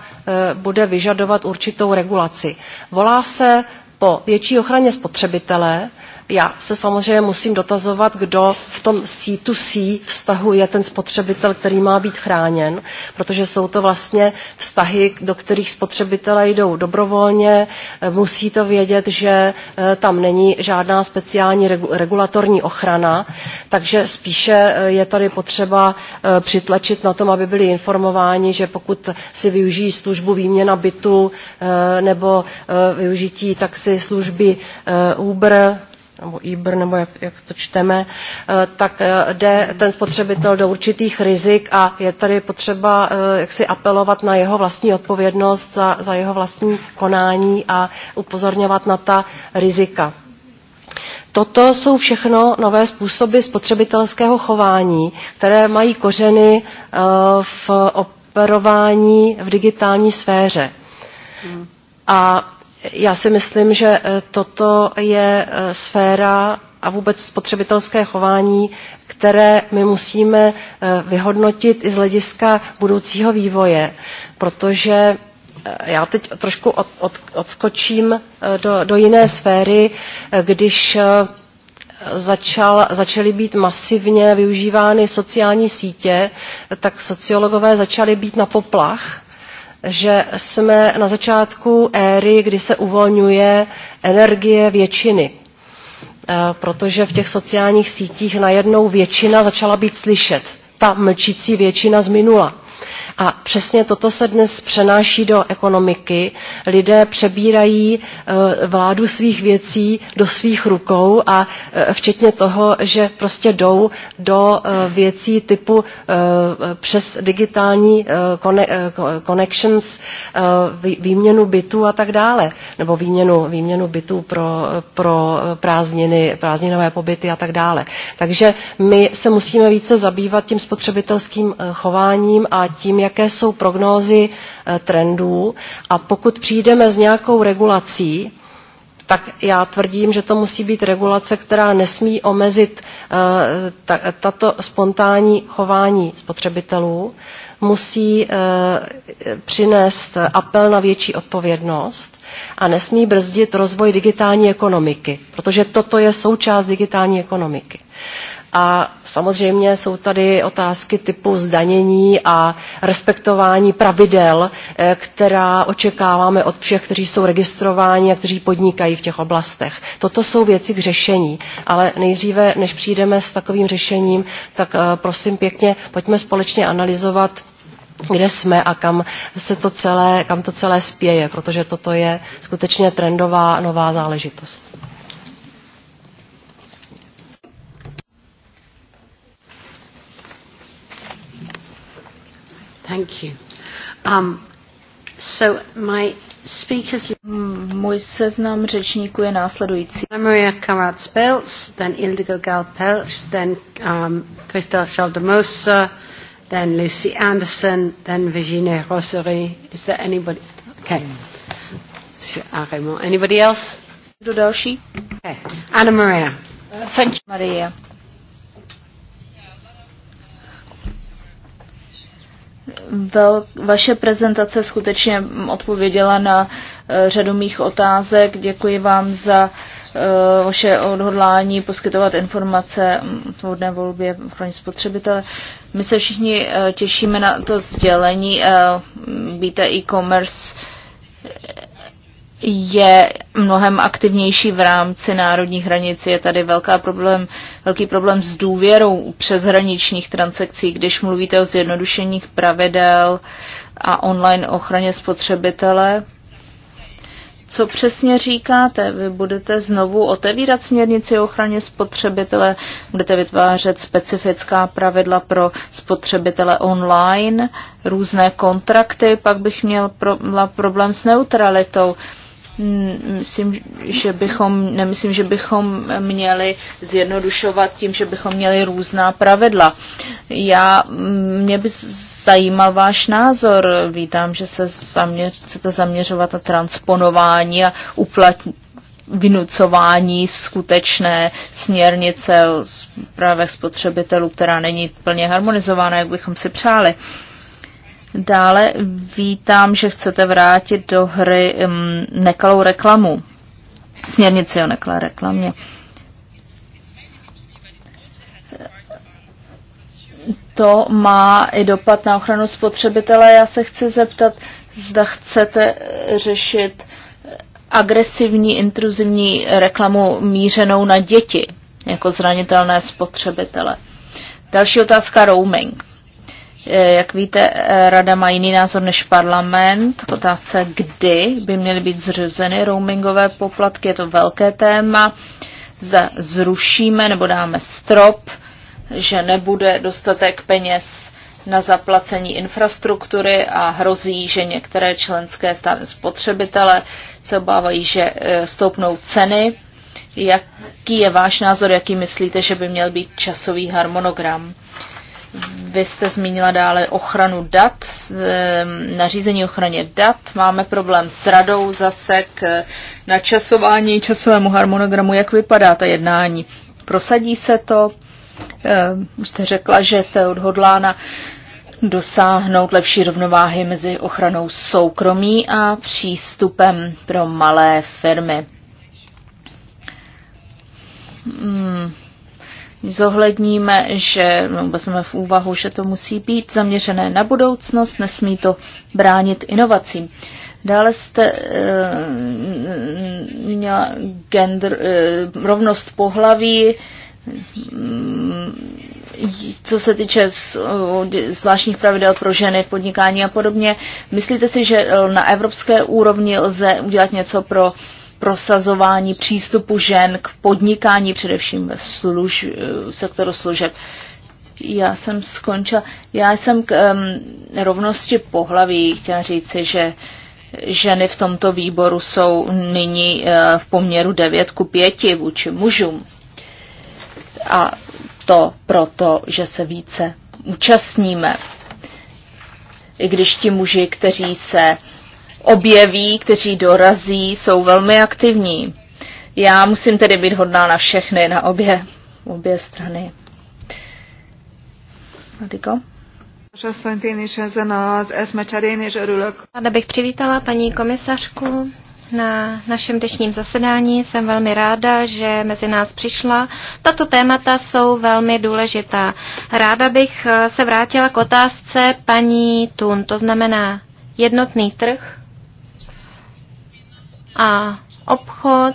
bude vyžadovat určitou regulaci. Volá se po větší ochraně spotřebitele, já se samozřejmě musím dotazovat, kdo v tom C2C vztahu je ten spotřebitel, který má být chráněn, protože jsou to vlastně vztahy, do kterých spotřebitelé jdou dobrovolně, eh, musí to vědět, že eh, tam není žádná speciální regulatorní ochrana, takže spíše eh, je tady potřeba přitlačit na tom, aby byli informováni, že pokud si využijí službu výměna bytu nebo využití taxi služby Uber, nebo IBR, nebo jak, jak to čteme, eh, tak eh, jde ten spotřebitel do určitých rizik a je tady potřeba eh, jak si apelovat na jeho vlastní odpovědnost za, za jeho vlastní konání a upozorňovat na ta rizika. Toto jsou všechno nové způsoby spotřebitelského chování, které mají kořeny v operování v digitální sféře. Hmm. A já si myslím, že eh, toto je eh, sféra a vůbec spotřebitelské chování, které my musíme eh, vyhodnotit i z hlediska budoucího vývoje, protože já teď trošku od, od, odskočím do, do jiné sféry, když začal, začaly být masivně využívány sociální sítě, tak sociologové začali být na poplach že jsme na začátku éry, kdy se uvolňuje energie většiny. E, protože v těch sociálních sítích najednou většina začala být slyšet. Ta mlčící většina zminula a přesně toto se dnes přenáší do ekonomiky. Lidé přebírají eh, vládu svých věcí do svých rukou a eh, včetně toho, že prostě jdou do eh, věcí typu přes digitální connections, výměnu bytů a tak dále, nebo výměnu, výměnu bytů pro, pro prázdniny, prázdninové pobyty a tak dále. Takže my se musíme více zabývat tím spotřebitelským chováním a tím, jaké jsou prognózy eh, trendů. A pokud přijdeme s nějakou regulací, tak já tvrdím, že to musí být regulace, která nesmí omezit eh, tato spontánní chování spotřebitelů, musí eh, přinést apel na větší odpovědnost a nesmí brzdit rozvoj digitální ekonomiky, protože toto je součást digitální ekonomiky. A samozřejmě jsou tady otázky typu zdanění a respektování pravidel, eh, která očekáváme od všech, kteří jsou registrováni a kteří podnikají v těch oblastech. Toto jsou věci k řešení, ale nejdříve, než přijdeme s takovým řešením, tak eh, prosím pěkně, pojďme společně analyzovat kde jsme a kam, se to celé, kam to celé spěje, protože toto je skutečně trendová nová záležitost. Thank you. Um, so my speakers... Hmm, můj seznam řečníků je následující. Maria Karatz-Peltz, then Ildigo Gal-Pelz, then um, Christel Chaldemosa, then Lucy Anderson, then Virginie Rosary. Is there anybody? Okay. Monsieur Arimont. Anybody else? Kdo
další? Okay.
Anna Maria. Thank you. Maria.
Vel, vaše prezentace skutečně odpověděla na uh, řadu mých otázek. Děkuji vám za uh, vaše odhodlání poskytovat informace o tvorné volbě v spotřebitele. My se všichni uh, těšíme na to sdělení. Uh, víte, e-commerce je mnohem aktivnější v rámci národních hranic. Je tady velká problém, velký problém s důvěrou přeshraničních transakcí, když mluvíte o zjednodušeních pravidel a online ochraně spotřebitele. Co přesně říkáte? Vy budete znovu otevírat směrnici o ochraně spotřebitele, budete vytvářet specifická pravidla pro spotřebitele online, různé kontrakty, pak bych měl pro, problém s neutralitou. Mm, myslím, že bychom, nemyslím, že bychom měli zjednodušovat tím, že bychom měli různá pravidla. Já, mm, mě by zajímal váš názor. Vítám, že se zaměř, chcete zaměřovat na transponování a uplatnit vynucování skutečné směrnice o právech spotřebitelů, která není plně harmonizovaná, jak bychom si přáli. Uh, Dále vítám, že chcete vrátit do hry um, nekalou reklamu, směrnici o nekalé reklamě. To má i dopad na ochranu spotřebitele. Já se chci zeptat, zda chcete řešit agresivní, intruzivní reklamu mířenou na děti jako zranitelné spotřebitele. Další otázka roaming. Eh, jak víte, eh, rada má jiný názor než parlament k otázce, kdy by měly být zřízeny roamingové poplatky. Je to velké téma. Zda zrušíme nebo dáme strop, že nebude dostatek peněz na zaplacení infrastruktury a hrozí, že některé členské státy spotřebitele se obávají, že eh, stoupnou ceny. Jaký je váš názor, jaký myslíte, že by měl být časový harmonogram? Vy jste zmínila dále ochranu dat, nařízení ochraně dat. Máme problém s radou zase k eh, načasování časovému harmonogramu. Jak vypadá ta jednání? Prosadí se to? Jste řekla, že jste odhodlána dosáhnout lepší rovnováhy mezi ochranou soukromí a přístupem pro malé firmy. Hmm zohledníme, že vezmeme v úvahu, že to musí být zaměřené na budoucnost, nesmí to bránit inovacím. Dále jste e, měla gender, e, rovnost pohlaví, mm, co se týče zvláštních pravidel pro ženy, podnikání a podobně. Myslíte si, že na evropské úrovni lze udělat něco pro prosazování přístupu žen k podnikání, především ve služ, v sektoru služeb. Já jsem skončila, já jsem k um, rovnosti pohlaví chtěla říci, že ženy v tomto výboru jsou nyní uh, v poměru 9 ku 5 vůči mužům. A to proto, že se více účastníme. I když ti muži, kteří se uh, objeví, kteří dorazí, jsou velmi aktivní. Já musím tedy být hodná na všechny, na obě, obě strany.
Matiko? Ráda bych přivítala paní komisařku na našem dnešním zasedání. Jsem velmi ráda, že mezi nás přišla. Tato témata jsou velmi důležitá. Ráda bych eh, se vrátila k otázce paní Tun, to znamená jednotný trh a obchod.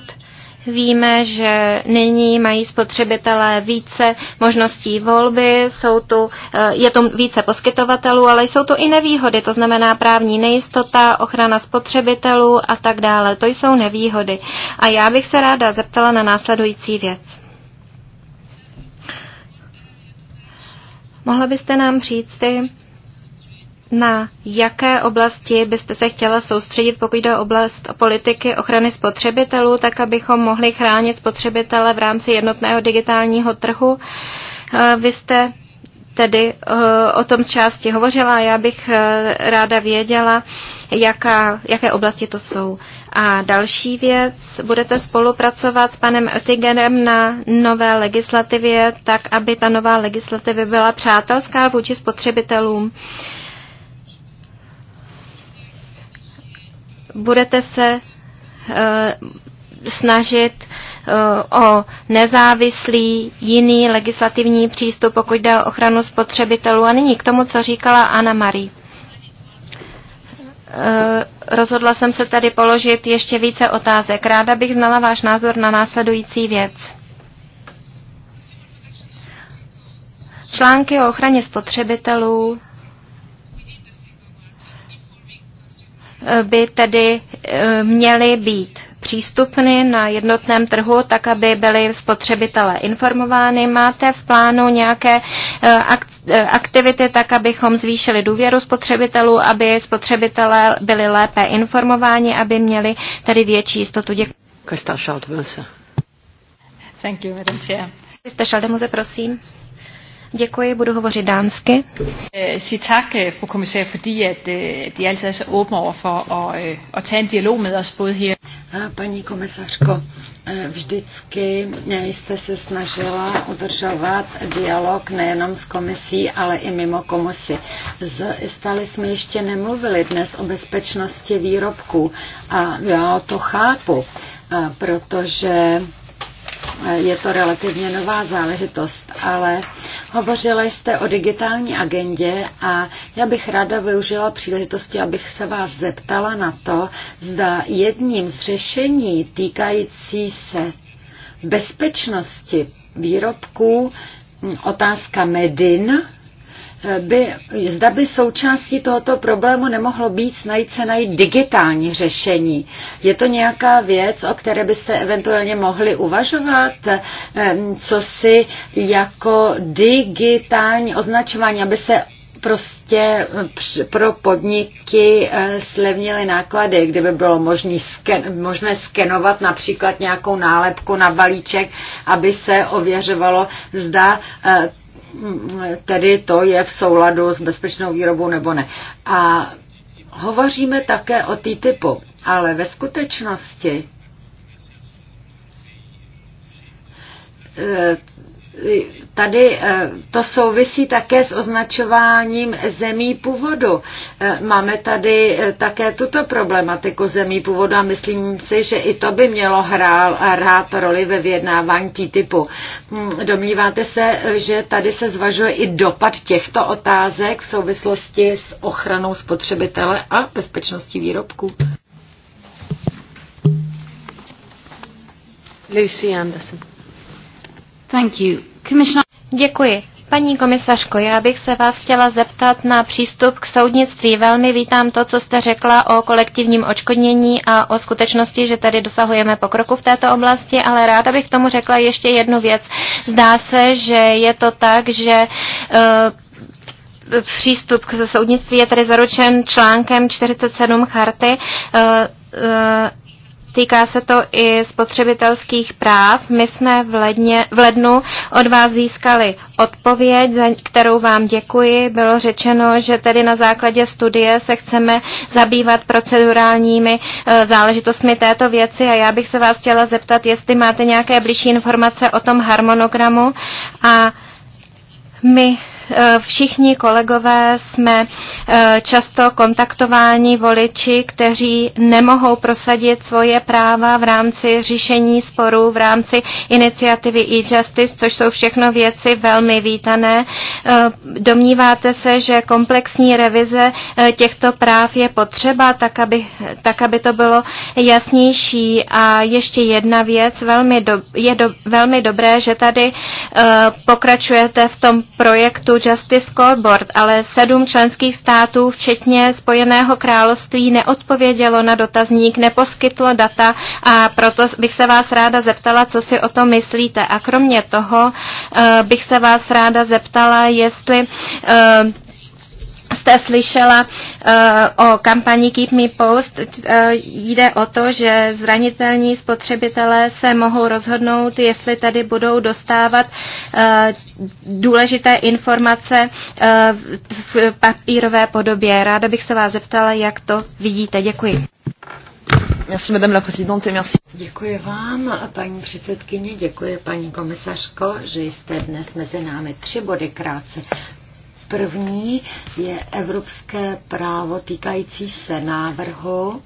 Víme, že nyní mají spotřebitelé více možností volby, jsou tu, eh, je tu více poskytovatelů, ale jsou tu i nevýhody, to znamená právní nejistota, ochrana spotřebitelů a tak dále. To jsou nevýhody. A já bych se ráda zeptala na následující věc. Mohla byste nám říct, na jaké oblasti byste se chtěla soustředit, pokud jde o oblast politiky ochrany spotřebitelů, tak abychom mohli chránit spotřebitele v rámci jednotného digitálního trhu. Eh, vy jste tedy eh, o tom z části hovořila. Já bych eh, ráda věděla, jaká, jaké oblasti to jsou. A další věc, budete spolupracovat s panem Oettingerem na nové legislativě, tak aby ta nová legislativa byla přátelská vůči spotřebitelům. budete se eh, snažit eh, o nezávislý jiný legislativní přístup, pokud jde o ochranu spotřebitelů. A nyní k tomu, co říkala Anna Marie. Eh, rozhodla jsem se tady položit ještě více otázek. Ráda bych znala váš názor na následující věc. Články o ochraně spotřebitelů by tedy eh, měly být přístupny na jednotném trhu, tak aby byly spotřebitelé informovány. Máte v plánu nějaké eh, eh, aktivity, tak abychom zvýšili důvěru spotřebitelů, aby spotřebitelé byli lépe informováni, aby měli tedy větší jistotu. Děkuji.
Kristal Schaldemuse.
Thank you, Madam Chair. Schaldemuse, prosím. Děkuji, budu hovořit dánsky. Øh, si tak, øh, fru kommissær, fordi
at øh, de altid er så åbne over for at, tage en dialog med os både her. Paní komisařko, eh, vždycky eh, jste se snažila udržovat dialog nejenom s komisí, ale i mimo komisi. Stále jsme ještě nemluvili dnes o bezpečnosti výrobků a já to chápu, protože Eh, je to relativně nová záležitost, ale hovořila jste o digitální agendě a já bych ráda využila příležitosti, abych se vás zeptala na to, zda jedním z řešení týkající se bezpečnosti výrobků hm, otázka Medin by, zda by součástí tohoto problému nemohlo být najít se najít digitální řešení. Je to nějaká věc, o které byste eventuálně mohli uvažovat, co si jako digitální označování, aby se prostě pro podniky slevnily eh, náklady, kdyby bylo možný sken, možné skenovat například nějakou nálepku na balíček, aby se ověřovalo, zda eh, tedy to je v souladu s bezpečnou výrobou nebo ne. A hovoříme také o typu, ale ve skutečnosti eh, Tady eh, to souvisí také s označováním zemí původu. Eh, máme tady eh, také tuto problematiku zemí původu a myslím si, že i to by mělo hrál, hrát roli ve vyjednávání TTIPu. Hm, domníváte se, že tady se zvažuje i dopad těchto otázek v souvislosti s ochranou spotřebitele a bezpečností výrobků? Lucy Anderson.
Děkuji. Paní komisařko, já bych se vás chtěla zeptat na přístup k soudnictví. Velmi vítám to, co jste řekla o kolektivním očkodnění a o skutečnosti, že tady dosahujeme pokroku v této oblasti, ale ráda bych tomu řekla ještě jednu věc. Zdá se, že je to tak, že uh, přístup k soudnictví je tady zaručen článkem 47 charty. Uh, uh, Týká se to i spotřebitelských práv. My jsme v, ledně, v lednu od vás získali odpověď, za kterou vám děkuji. Bylo řečeno, že tedy na základě studie se chceme zabývat procedurálními e, záležitostmi této věci a já bych se vás chtěla zeptat, jestli máte nějaké blížší informace o tom harmonogramu a my Eh, všichni kolegové jsme eh, často kontaktováni voliči, kteří nemohou prosadit svoje práva v rámci řešení sporů, v rámci iniciativy e-justice, což jsou všechno věci velmi vítané. Eh, domníváte se, že komplexní revize těchto práv je potřeba, tak aby, tak aby to bylo jasnější. A ještě jedna věc, velmi do, je do, velmi dobré, že tady pokračujete v tom projektu Justice Scoreboard, ale sedm členských států, včetně Spojeného království, neodpovědělo na dotazník, neposkytlo data a proto bych se vás ráda zeptala, co si o tom myslíte. A kromě toho eh, bych se vás ráda zeptala, jestli eh, jste slyšela eh, o kampani Keep Me Post, eh, jde o to, že zranitelní spotřebitelé se mohou rozhodnout, jestli tady budou dostávat eh, důležité informace v papírové podobě. Ráda bych se vás zeptala, jak to vidíte. Děkuji. Merci, madame la présidente, et merci.
Děkuji vám, paní předsedkyně, děkuji paní komisařko, že jste dnes mezi námi tři body krátce. První je evropské právo týkající se návrhu,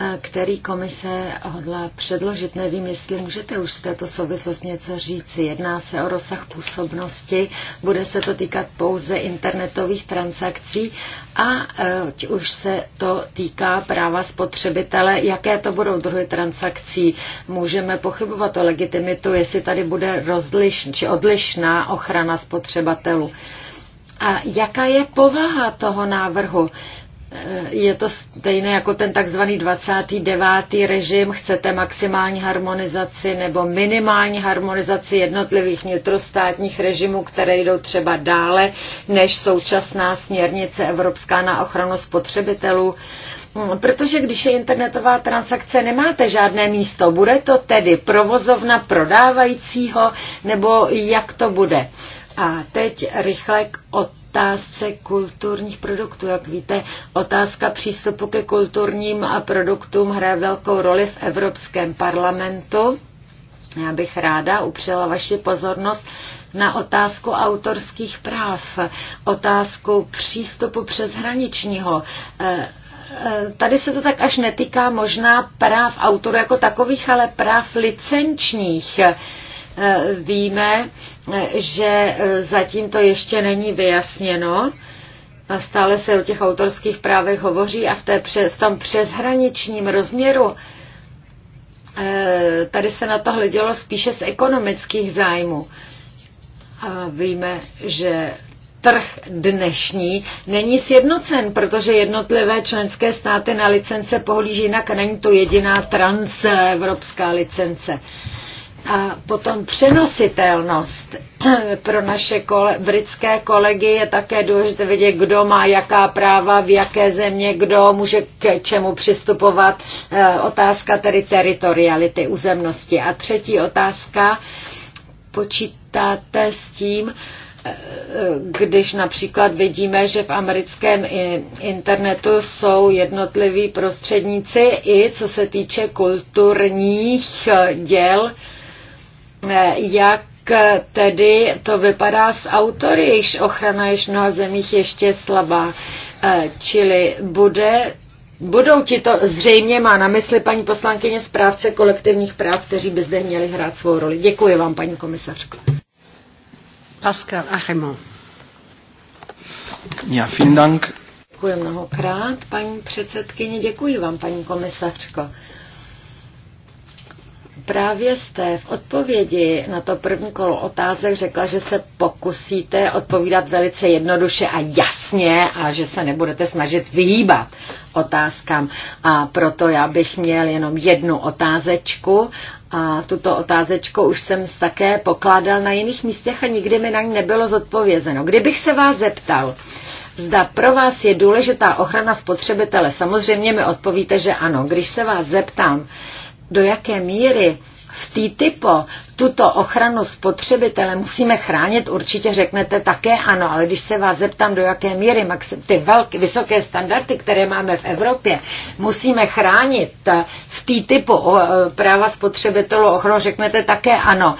eh, který komise hodla předložit. Nevím, jestli můžete už z této souvislosti něco říct. Jedná se o rozsah působnosti, bude se to týkat pouze internetových transakcí a ať eh, už se to týká práva spotřebitele, jaké to budou druhy transakcí. Můžeme pochybovat o legitimitu, jestli tady bude rozlišná či odlišná ochrana spotřebatelů. A jaká je povaha toho návrhu? Eh, je to stejné jako ten takzvaný 29. režim, chcete maximální harmonizaci nebo minimální harmonizaci jednotlivých vnitrostátních režimů, které jdou třeba dále než současná směrnice Evropská na ochranu spotřebitelů. Hmm, protože když je internetová transakce, nemáte žádné místo. Bude to tedy provozovna prodávajícího, nebo jak to bude? A teď rychle k otázce kulturních produktů. Jak víte, otázka přístupu ke kulturním produktům hraje velkou roli v Evropském parlamentu. Já bych ráda upřela vaši pozornost na otázku autorských práv, otázku přístupu přeshraničního. Eh, eh, tady se to tak až netýká možná práv autorů jako takových, ale práv licenčních Eh, víme, eh, že eh, zatím to ještě není vyjasněno. A stále se o těch autorských právech hovoří a v, té, v tom přeshraničním rozměru tady se na to hledělo spíše z ekonomických zájmů. A víme, že trh dnešní není sjednocen, protože jednotlivé členské státy na licence pohlíží jinak a není to jediná transevropská licence. A potom přenositelnost [clears throat] pro naše kole, britské kolegy je také důležité vidět, kdo má jaká práva, v jaké země, kdo může k čemu přistupovat. E, otázka tedy teritoriality, územnosti. A třetí otázka, počítáte s tím, e, když například vidíme, že v americkém internetu jsou jednotliví prostředníci i co se týče kulturních děl, jak tedy to vypadá s autory, jejichž ochrana je v mnoha zemích ještě slabá. Eh, čili bude, budou ti to, zřejmě má na mysli paní poslankyně zprávce kolektivních práv, kteří by zde měli hrát svou roli. Děkuji vám, paní komisařko. Pascal Achemo.
Já, vielen Dank.
Děkuji mnohokrát, paní předsedkyně, děkuji vám, paní komisařko. Právě jste v odpovědi na to první kolo otázek řekla, že se pokusíte odpovídat velice jednoduše a jasně a že se nebudete snažit vyhýbat otázkám. A proto já bych měl jenom jednu otázečku a tuto otázečku už jsem také pokládal na jiných místech a nikdy mi na ní nebylo zodpovězeno. Kdybych se vás zeptal, Zda pro vás je důležitá ochrana spotřebitele? Samozřejmě mi odpovíte, že ano. Když se vás zeptám, do jaké míry v TTIPO tuto ochranu spotřebitele musíme chránit, určitě řeknete také ano, ale když se vás zeptám, do jaké míry ty velké, vysoké standardy, které máme v Evropě, musíme chránit eh, v typu eh, práva spotřebitelů ochranu, řeknete také ano.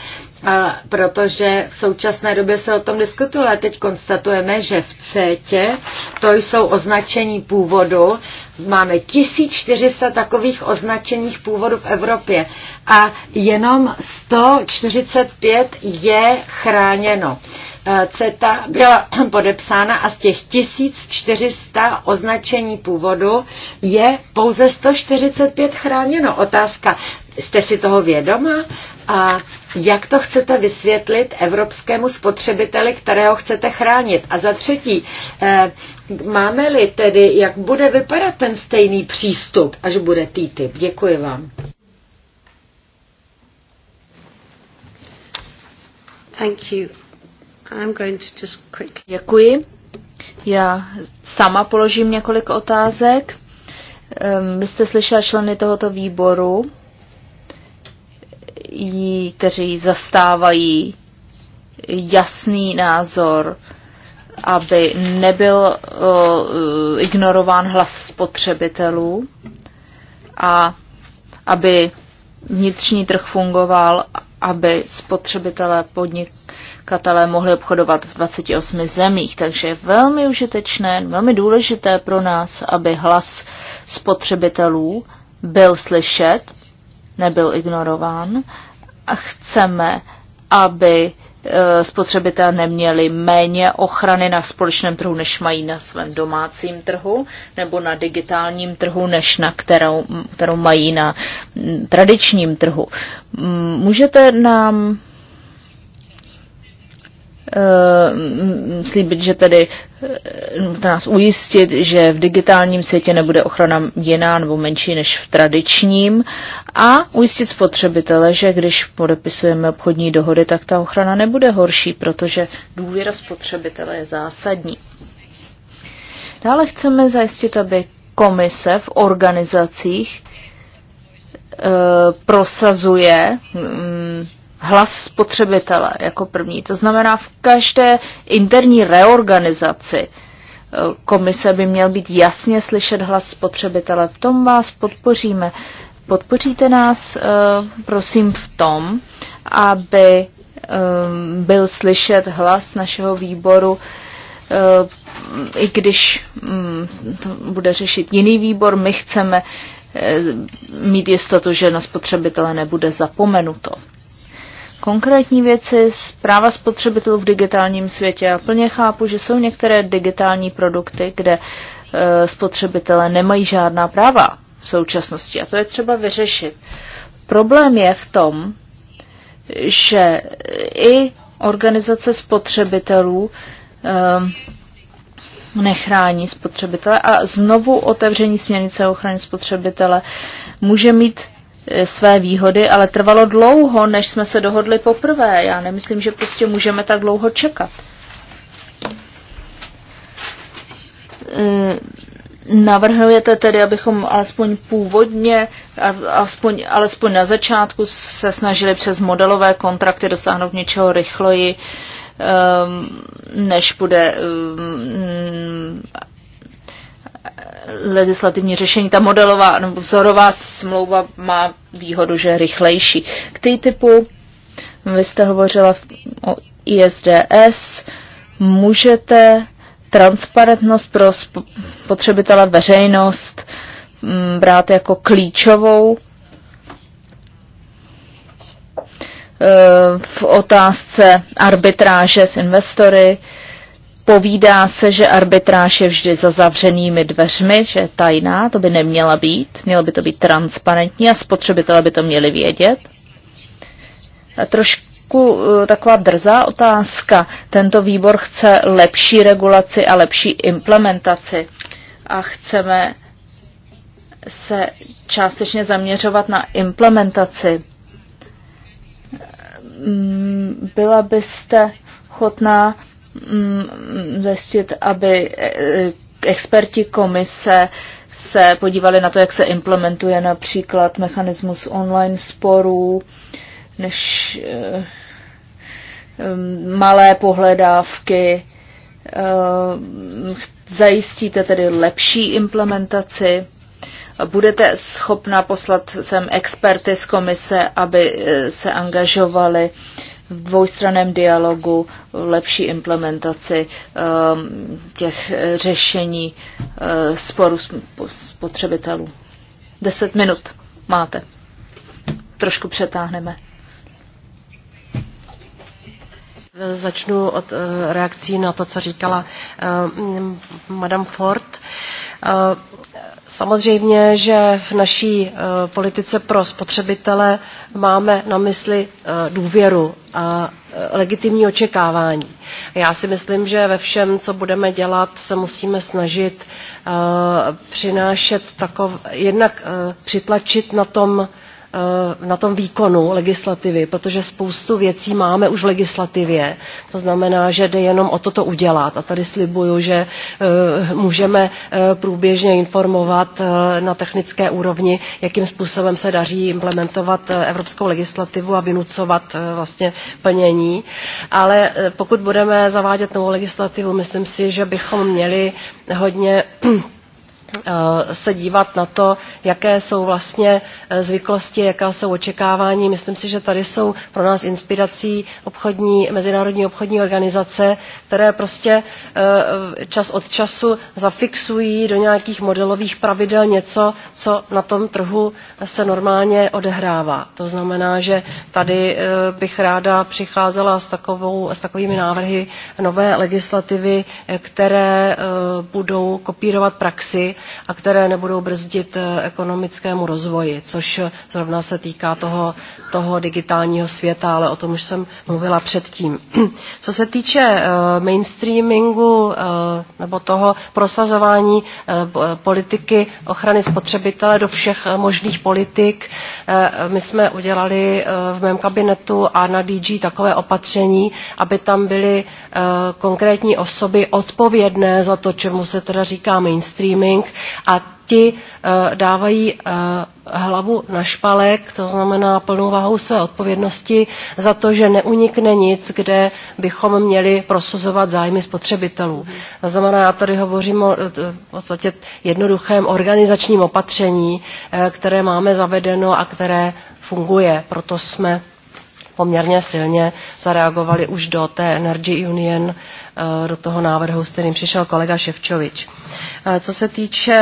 A protože v současné době se o tom diskutuje, ale teď konstatujeme, že v CETě to jsou označení původu. Máme 1400 takových označeních původu v Evropě a jenom 145 je chráněno. E, CETA byla [clears throat] podepsána a z těch 1400 označení původu je pouze 145 chráněno. Otázka, jste si toho vědoma? A jak to chcete vysvětlit evropskému spotřebiteli, kterého chcete chránit? A za třetí, eh, máme-li tedy, jak bude vypadat ten stejný přístup, až bude TTIP? Děkuji vám. Thank you.
I'm going to just quickly... Děkuji.
Já sama položím několik otázek. Um, vy jste slyšela členy tohoto výboru kteří zastávají jasný názor, aby nebyl uh, ignorován hlas spotřebitelů a aby vnitřní trh fungoval, aby spotřebitelé podnikatelé mohli obchodovat v 28 zemích. Takže je velmi užitečné, velmi důležité pro nás, aby hlas spotřebitelů byl slyšet nebyl ignorován. A chceme, aby e, spotřebitel neměli méně ochrany na společném trhu, než mají na svém domácím trhu nebo na digitálním trhu, než na kterou, kterou mají na tradičním trhu. Můžete nám Eh, slíbit, že tedy eh, nás ujistit, že v digitálním světě nebude ochrana jiná nebo menší než v tradičním a ujistit spotřebitele, že když podepisujeme obchodní dohody, tak ta ochrana nebude horší, protože důvěra spotřebitele je zásadní. Dále chceme zajistit, aby komise v organizacích eh, prosazuje mm, hlas spotřebitele jako první. To znamená, v každé interní reorganizaci eh, komise by měl být jasně slyšet hlas spotřebitele. V tom vás podpoříme. Podpoříte nás, eh, prosím, v tom, aby eh, byl slyšet hlas našeho výboru, i když mm, to bude řešit jiný výbor, my chceme mít jistotu, že na spotřebitele nebude zapomenuto konkrétní věci, zpráva spotřebitelů v digitálním světě. Já plně chápu, že jsou některé digitální produkty, kde eh, spotřebitelé nemají žádná práva v současnosti a to je třeba vyřešit. Problém je v tom, že i organizace spotřebitelů eh, nechrání spotřebitele a znovu otevření směrnice o ochraně spotřebitele může mít Eh, své výhody, ale trvalo dlouho, než jsme se dohodli poprvé. Já nemyslím, že prostě můžeme tak dlouho čekat. Eh, navrhujete tedy, abychom alespoň původně, alespoň, alespoň na začátku se snažili přes modelové kontrakty dosáhnout něčeho rychleji, ehm, než bude ehm, legislativní řešení. Ta modelová nebo vzorová smlouva má výhodu, že je rychlejší. K té typu, vy jste hovořila o ISDS, můžete transparentnost pro spotřebitele veřejnost mm, brát jako klíčovou eh, v otázce arbitráže s investory. Povídá se, že arbitráž je vždy za zavřenými dveřmi, že je tajná, to by neměla být, mělo by to být transparentní a spotřebitelé by to měli vědět. A trošku eh, taková drzá otázka. Tento výbor chce lepší regulaci a lepší implementaci a chceme se částečně zaměřovat na implementaci. Mm, byla byste ochotná Mm, zjistit, aby eh, experti komise se podívali na to, jak se implementuje například mechanismus online sporů, než eh, malé pohledávky. Eh, zajistíte tedy lepší implementaci. Budete schopna poslat sem experty z komise, aby se angažovali v dvoustraném dialogu, lepší implementaci ehm, těch řešení eh, sporu spotřebitelů. Deset minut máte. Trošku
přetáhneme. Začnu od eh, reakcí na to, co říkala eh, Madame Ford. Samozřejmě, že v naší eh, politice pro spotřebitele máme na mysli eh, důvěru a eh, legitimní očekávání. Já si myslím, že ve všem, co budeme dělat, se musíme snažit přinášet takov, jednak přitlačit na tom Eh, na tom výkonu legislativy, protože spoustu věcí máme už v legislativě. To znamená, že jde jenom o toto udělat. A tady slibuju, že eh, můžeme eh, průběžně informovat na technické úrovni, jakým způsobem se daří implementovat evropskou legislativu a vynucovat vlastně plnění. Ale pokud budeme zavádět novou legislativu, myslím si, že bychom měli hodně [clears throat] Eh, se dívat na to, jaké jsou vlastně eh, zvyklosti, jaká jsou očekávání. Myslím si, že tady jsou pro nás inspirací obchodní, mezinárodní obchodní organizace, které prostě eh, čas od času zafixují do nějakých modelových pravidel něco, co na tom trhu se normálně odehrává. To znamená, že tady bych ráda přicházela s, takovou, s takovými návrhy nové legislativy, které budou kopírovat praxi, a které nebudou brzdit eh, ekonomickému rozvoji, což eh, zrovna se týká toho, toho digitálního světa, ale o tom už jsem mluvila předtím. [clears throat] Co se týče eh, mainstreamingu nebo toho prosazování politiky ochrany spotřebitele do všech možných politik, my jsme udělali v mém kabinetu a na DG takové opatření, aby tam byly konkrétní osoby odpovědné za to, čemu se teda říká mainstreaming, a ti eh, dávají eh, hlavu na špalek, to znamená plnou váhu své odpovědnosti za to, že neunikne nic, kde bychom měli prosuzovat zájmy spotřebitelů. To znamená, já tady hovořím o eh, v podstatě jednoduchém organizačním opatření, které máme zavedeno a které funguje. Proto jsme poměrně silně zareagovali už do té Energy Union Eh, do toho návrhu, s kterým přišel kolega Ševčovič. Eh, co se týče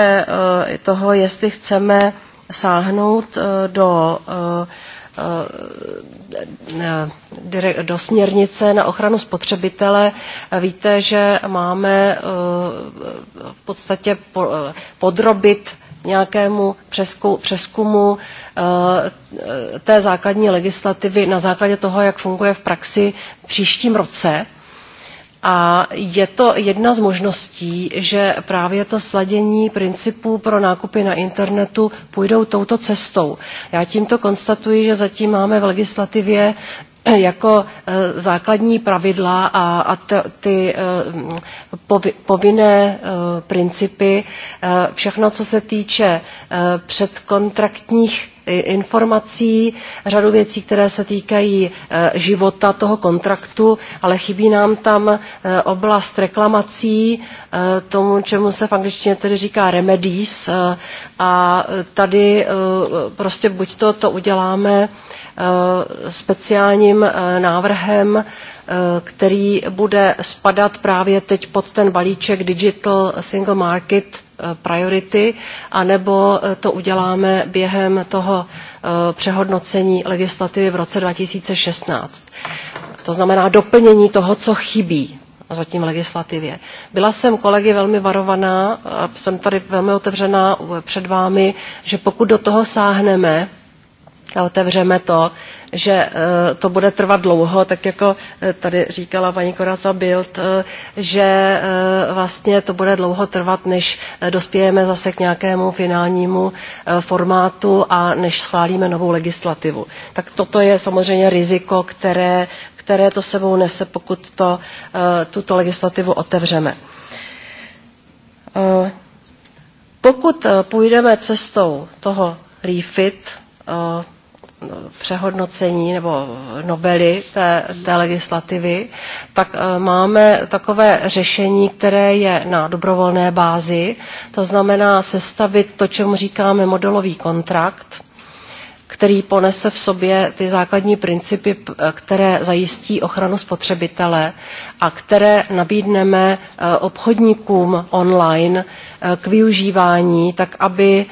eh, toho, jestli chceme sáhnout do do směrnice na ochranu spotřebitele. Víte, že máme v podstatě podrobit nějakému přeskumu té základní legislativy na základě toho, jak funguje v praxi v příštím roce a je to jedna z možností, že právě to sladění principů pro nákupy na internetu půjdou touto cestou. Já tímto konstatuji, že zatím máme v legislativě eh, jako eh, základní pravidla a, a ty eh, povinné principy, všechno, co se týče předkontraktních informací, řadu věcí, které se týkají e, života toho kontraktu, ale chybí nám tam e, oblast reklamací, e, tomu, čemu se v angličtině tedy říká remedies. A tady prostě buď to, to uděláme Eh, speciálním eh, návrhem, eh, který bude spadat právě teď pod ten balíček Digital Single Market Priority, anebo to uděláme během toho přehodnocení legislativy v roce 2016. To znamená doplnění toho, co chybí zatím legislativě. Byla jsem kolegy velmi varovaná, jsem tady velmi otevřená před vámi, že pokud do toho sáhneme, a otevřeme to, že eh, to bude trvat dlouho, tak jako eh, tady říkala paní Koraca Bild, eh, že vlastně to bude dlouho trvat, než dospějeme zase k nějakému finálnímu formátu a než schválíme novou legislativu. Tak toto je samozřejmě riziko, které, které to sebou nese, pokud to, tuto legislativu otevřeme. Pokud půjdeme cestou toho refit, No, přehodnocení nebo Nobely, té, té legislativy, tak eh, máme takové řešení, které je na dobrovolné bázi, to znamená sestavit to, čemu říkáme modelový kontrakt, který ponese v sobě ty základní principy, eh, které zajistí ochranu spotřebitele a které nabídneme eh, obchodníkům online eh, k využívání, tak aby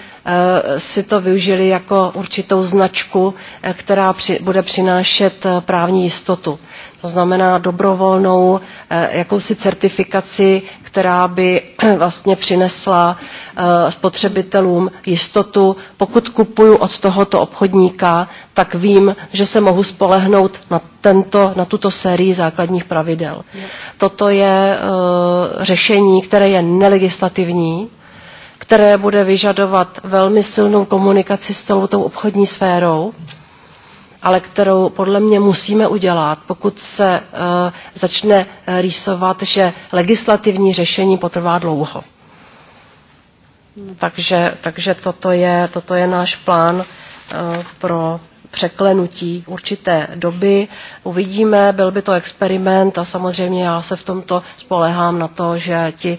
si to využili jako určitou značku, která bude přinášet právní jistotu to znamená dobrovolnou eh, jakousi certifikaci, která by [clears throat] vlastně přinesla eh, spotřebitelům jistotu. Pokud kupuju od tohoto obchodníka, tak vím, že se mohu spolehnout na, tento, na tuto sérii základních pravidel. Toto je eh, řešení, které je nelegislativní, které bude vyžadovat velmi silnou komunikaci s celou tou obchodní sférou ale kterou podle mě musíme udělat, pokud se eh, začne eh, rýsovat, že legislativní řešení potrvá dlouho. Takže, takže toto, je, toto je náš plán eh, pro překlenutí určité doby. Uvidíme, byl by to experiment a samozřejmě já se v tomto spolehám na to, že ti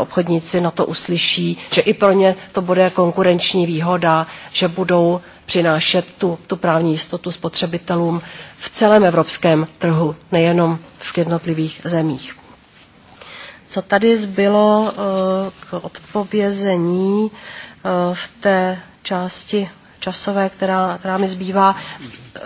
obchodníci na to uslyší, že i pro ně to bude konkurenční výhoda, že budou přinášet tu, tu právní jistotu spotřebitelům v celém evropském trhu, nejenom v jednotlivých zemích. Co tady zbylo eh, k odpovězení eh, v té části časové, která, která mi zbývá, eh,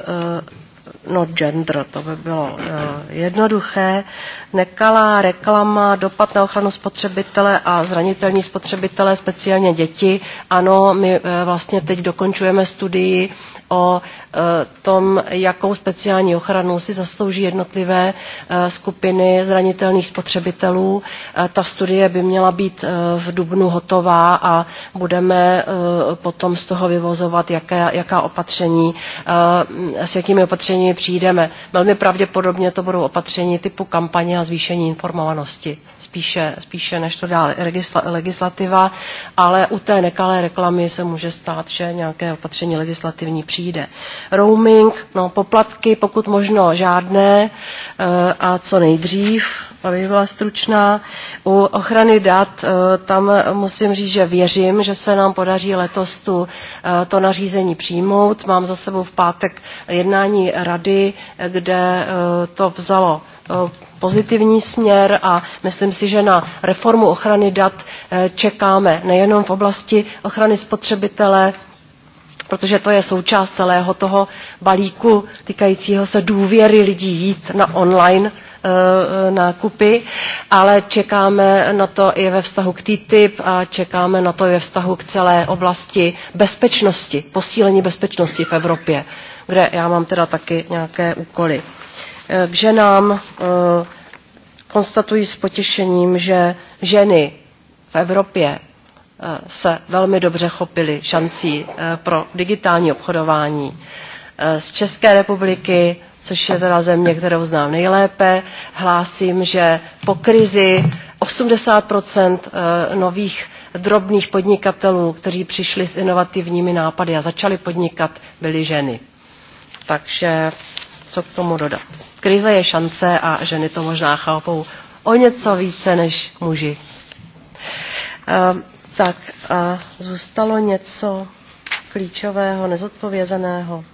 no gender, to by bylo eh, jednoduché, nekalá reklama, dopad na ochranu spotřebitele a zranitelní spotřebitele, speciálně děti. Ano, my eh, vlastně teď dokončujeme studii o Eh, tom, jakou speciální ochranu si zaslouží jednotlivé eh, skupiny zranitelných spotřebitelů. Eh, ta studie by měla být v dubnu hotová a budeme potom z toho vyvozovat, jaké, jaká opatření, s jakými opatřeními přijdeme. Velmi pravděpodobně to budou opatření typu kampaně a zvýšení informovanosti spíše, spíše než to dá legislativa, ale u té nekalé reklamy se může stát, že nějaké opatření legislativní přijde. Roaming, no poplatky pokud možno žádné eh, a co nejdřív, aby byla stručná. U ochrany dat eh, tam musím říct, že věřím, že se nám podaří letos tu, eh, to nařízení přijmout. Mám za sebou v pátek jednání rady, kde to vzalo pozitivní směr a myslím si, že na reformu ochrany dat eh, čekáme nejenom v oblasti ochrany spotřebitele, protože to je součást celého toho balíku týkajícího se důvěry lidí jít na online eh, eh, nákupy, ale čekáme na to i ve vztahu k TTIP a čekáme na to i ve vztahu k celé oblasti bezpečnosti, posílení bezpečnosti v Evropě, kde já mám teda taky nějaké úkoly. Eh, k ženám. Eh, konstatuji s potěšením, že ženy v Evropě eh, se velmi dobře chopily šancí pro digitální obchodování. Z České republiky, což je teda země, kterou znám nejlépe, hlásím, že po krizi 80 nových drobných podnikatelů, kteří přišli s inovativními nápady a začali podnikat, byly ženy. Takže co k tomu dodat. Krize je šance a ženy to možná chápou o něco více než muži. Uh, tak a zůstalo něco klíčového, nezodpovězeného.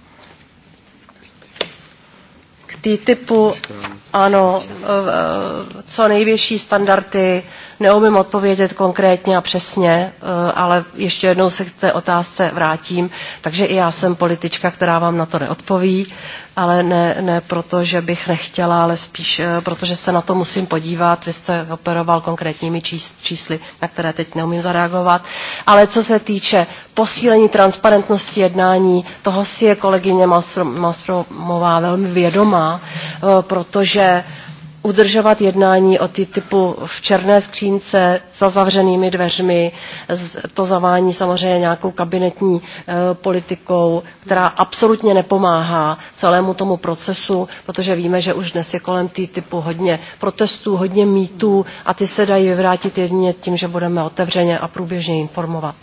K tý typu, ano, e, co největší standardy neumím odpovědět konkrétně a přesně, eh, ale ještě jednou se k té otázce vrátím. Takže i já jsem politička, která vám na to neodpoví, ale ne, ne proto, že bych nechtěla, ale spíš eh, proto, že se na to musím podívat. Vy jste operoval konkrétními čísly, na které teď neumím zareagovat. Ale co se týče posílení transparentnosti jednání, toho si je kolegyně Malstromová velmi vědomá, eh, protože udržovat jednání o ty typu v černé skřínce za zavřenými dveřmi, to zavání samozřejmě nějakou kabinetní eh, politikou, která absolutně nepomáhá celému tomu procesu, protože víme, že už dnes je kolem ty typu hodně protestů, hodně mítů, a ty se dají vyvrátit jedině tím, že budeme otevřeně a průběžně informovat.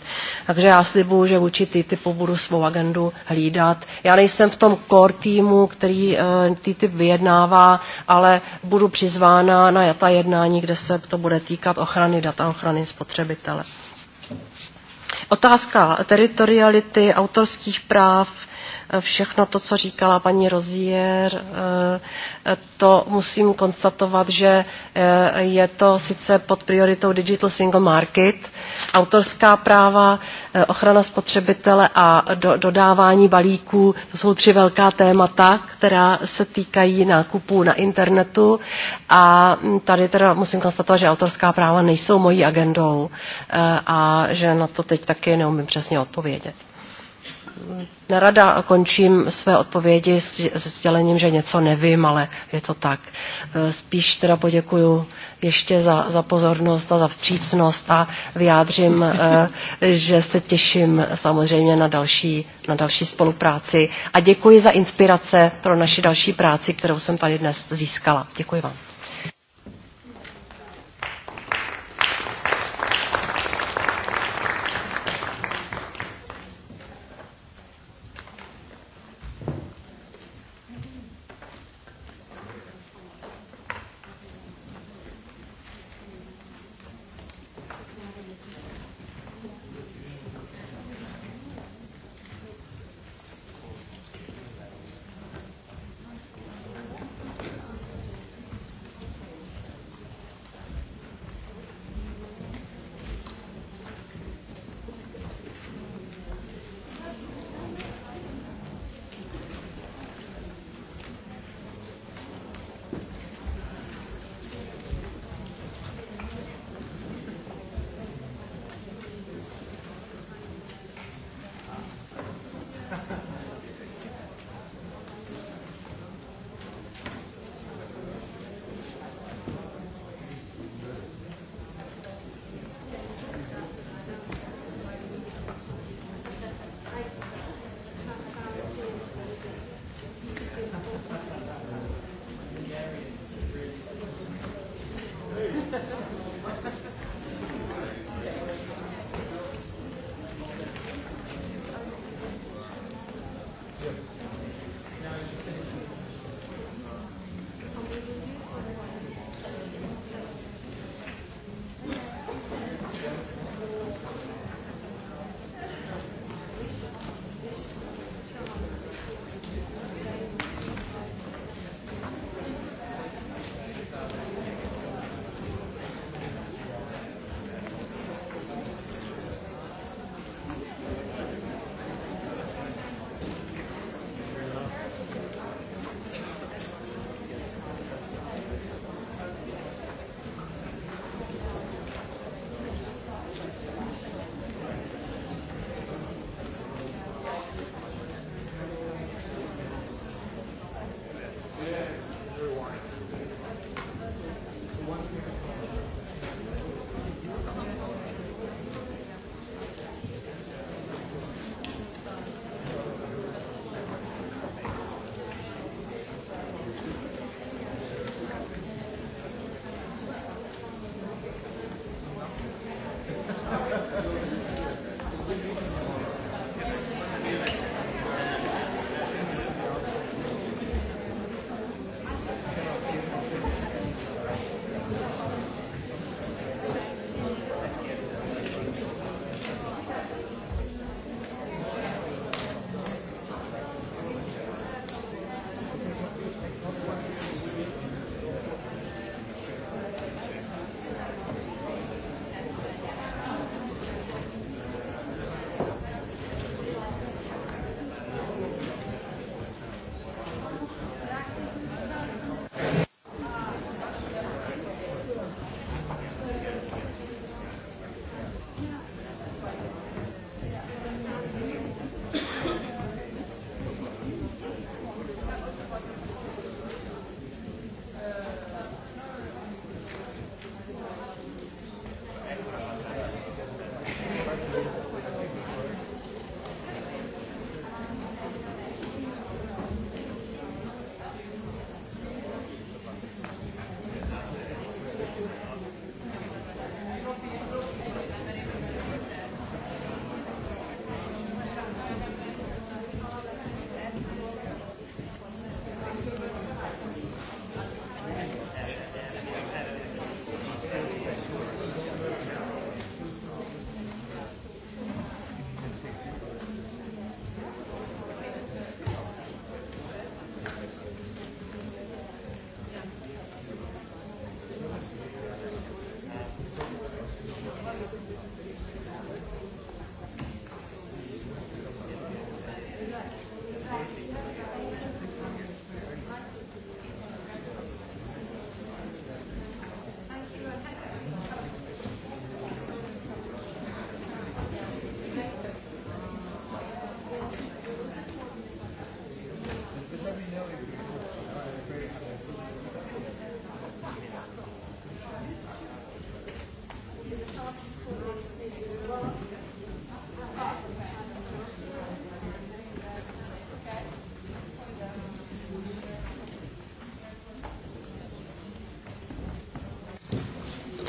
Takže já slibuju, že vůči ty typu budu svou agendu hlídat. Já nejsem v tom core týmu, který eh, ty typ vyjednává, ale budu přizvána na ta jednání, kde se to bude týkat ochrany data, ochrany spotřebitele. Otázka teritoriality, autorských práv, všechno to, co říkala paní Rozier, eh, to musím konstatovat, že eh, je to sice pod prioritou Digital Single Market, autorská práva, eh, ochrana spotřebitele a do, dodávání balíků, to jsou tři velká témata, která se týkají nákupů na internetu a hm, tady teda musím konstatovat, že autorská práva nejsou mojí agendou a že na to teď taky neumím přesně odpovědět nerada končím své odpovědi s sdělením, že něco nevím, ale je to tak. E, spíš teda poděkuju ještě za, za pozornost a za vstřícnost a vyjádřím, e, [laughs] že se těším samozřejmě na další, na další spolupráci a děkuji za inspirace pro naši další práci, kterou jsem tady dnes získala. Děkuji vám.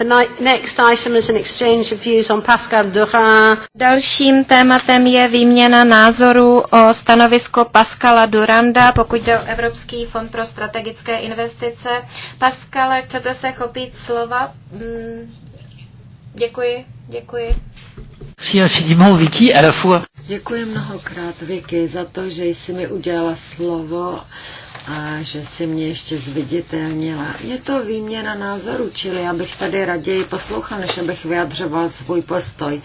The next item is an exchange of views on Pascal Durand. Dalším tématem je výměna názorů o stanovisko Pascala Duranda, pokud jde o Evropský fond pro strategické investice. Pascale, chcete se chopit
slova? Mm, děkuji, děkuji. la fois. Děkuji mnohokrát, Vicky, za to, že jsi mi udělala slovo a že si mě ještě zviditelnila. Je to výměna názoru, čili já bych tady raději poslouchal, než abych vyjadřoval svůj postoj.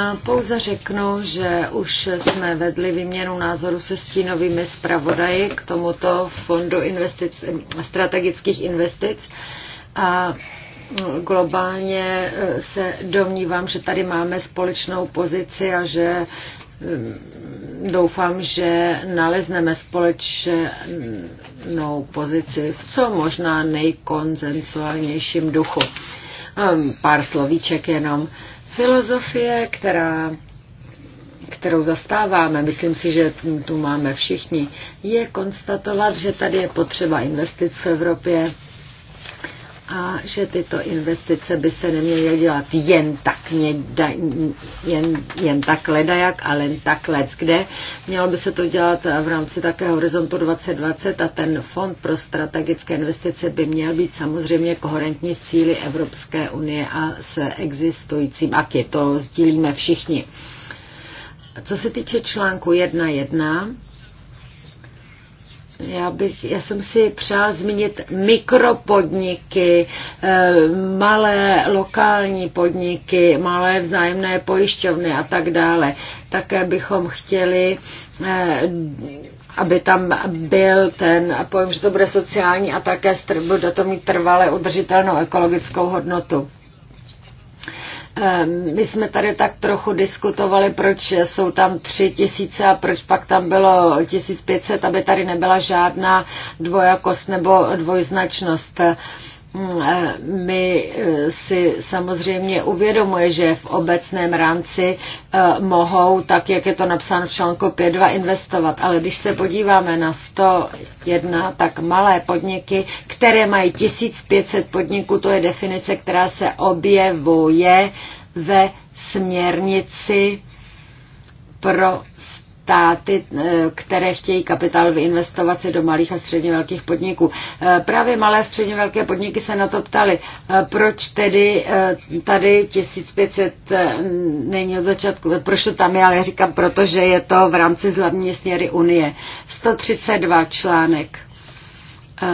A pouze řeknu, že už jsme vedli výměnu názoru se stínovými zpravodaji k tomuto fondu investic, strategických investic a globálně se domnívám, že tady máme společnou pozici a že doufám, že nalezneme společnou pozici v co možná nejkonzensuálnějším duchu. Ehm, pár slovíček jenom. Filozofie, která, kterou zastáváme, myslím si, že tu máme všichni, je konstatovat, že tady je potřeba investic v Evropě, a že tyto investice by se neměly dělat jen tak, něda, jen, jen tak ledajak a jen tak lec kde. Mělo by se to dělat v rámci také Horizontu 2020 a ten fond pro strategické investice by měl být samozřejmě koherentní s cíly Evropské unie a s existujícím je To sdílíme všichni. Co se týče článku 1.1, já, bych, já jsem si přál zmínit mikropodniky, eh, malé lokální podniky, malé vzájemné pojišťovny a tak dále. Také bychom chtěli eh, aby tam byl ten a pojem, že to bude sociální a také bude to mít trvale udržitelnou ekologickou hodnotu. Ehm, my jsme tady tak trochu diskutovali, proč jsou tam tři tisíce a proč pak tam bylo 1500, aby tady nebyla žádná dvojakost nebo dvojznačnost my eh, si samozřejmě uvědomuje, že v obecném rámci eh, mohou, tak jak je to napsáno v článku 5.2, investovat. Ale když se podíváme na 101, tak malé podniky, které mají 1500 podniků, to je definice, která se objevuje ve směrnici pro státy, eh, které chtějí kapitál vyinvestovat si do malých a středně velkých podniků. Eh, právě malé a středně velké podniky se na to ptali, eh, proč tedy tady 1500 není od začátku, proč to tam je, ale já říkám, protože je to v rámci hlavní směry Unie. 132 článek.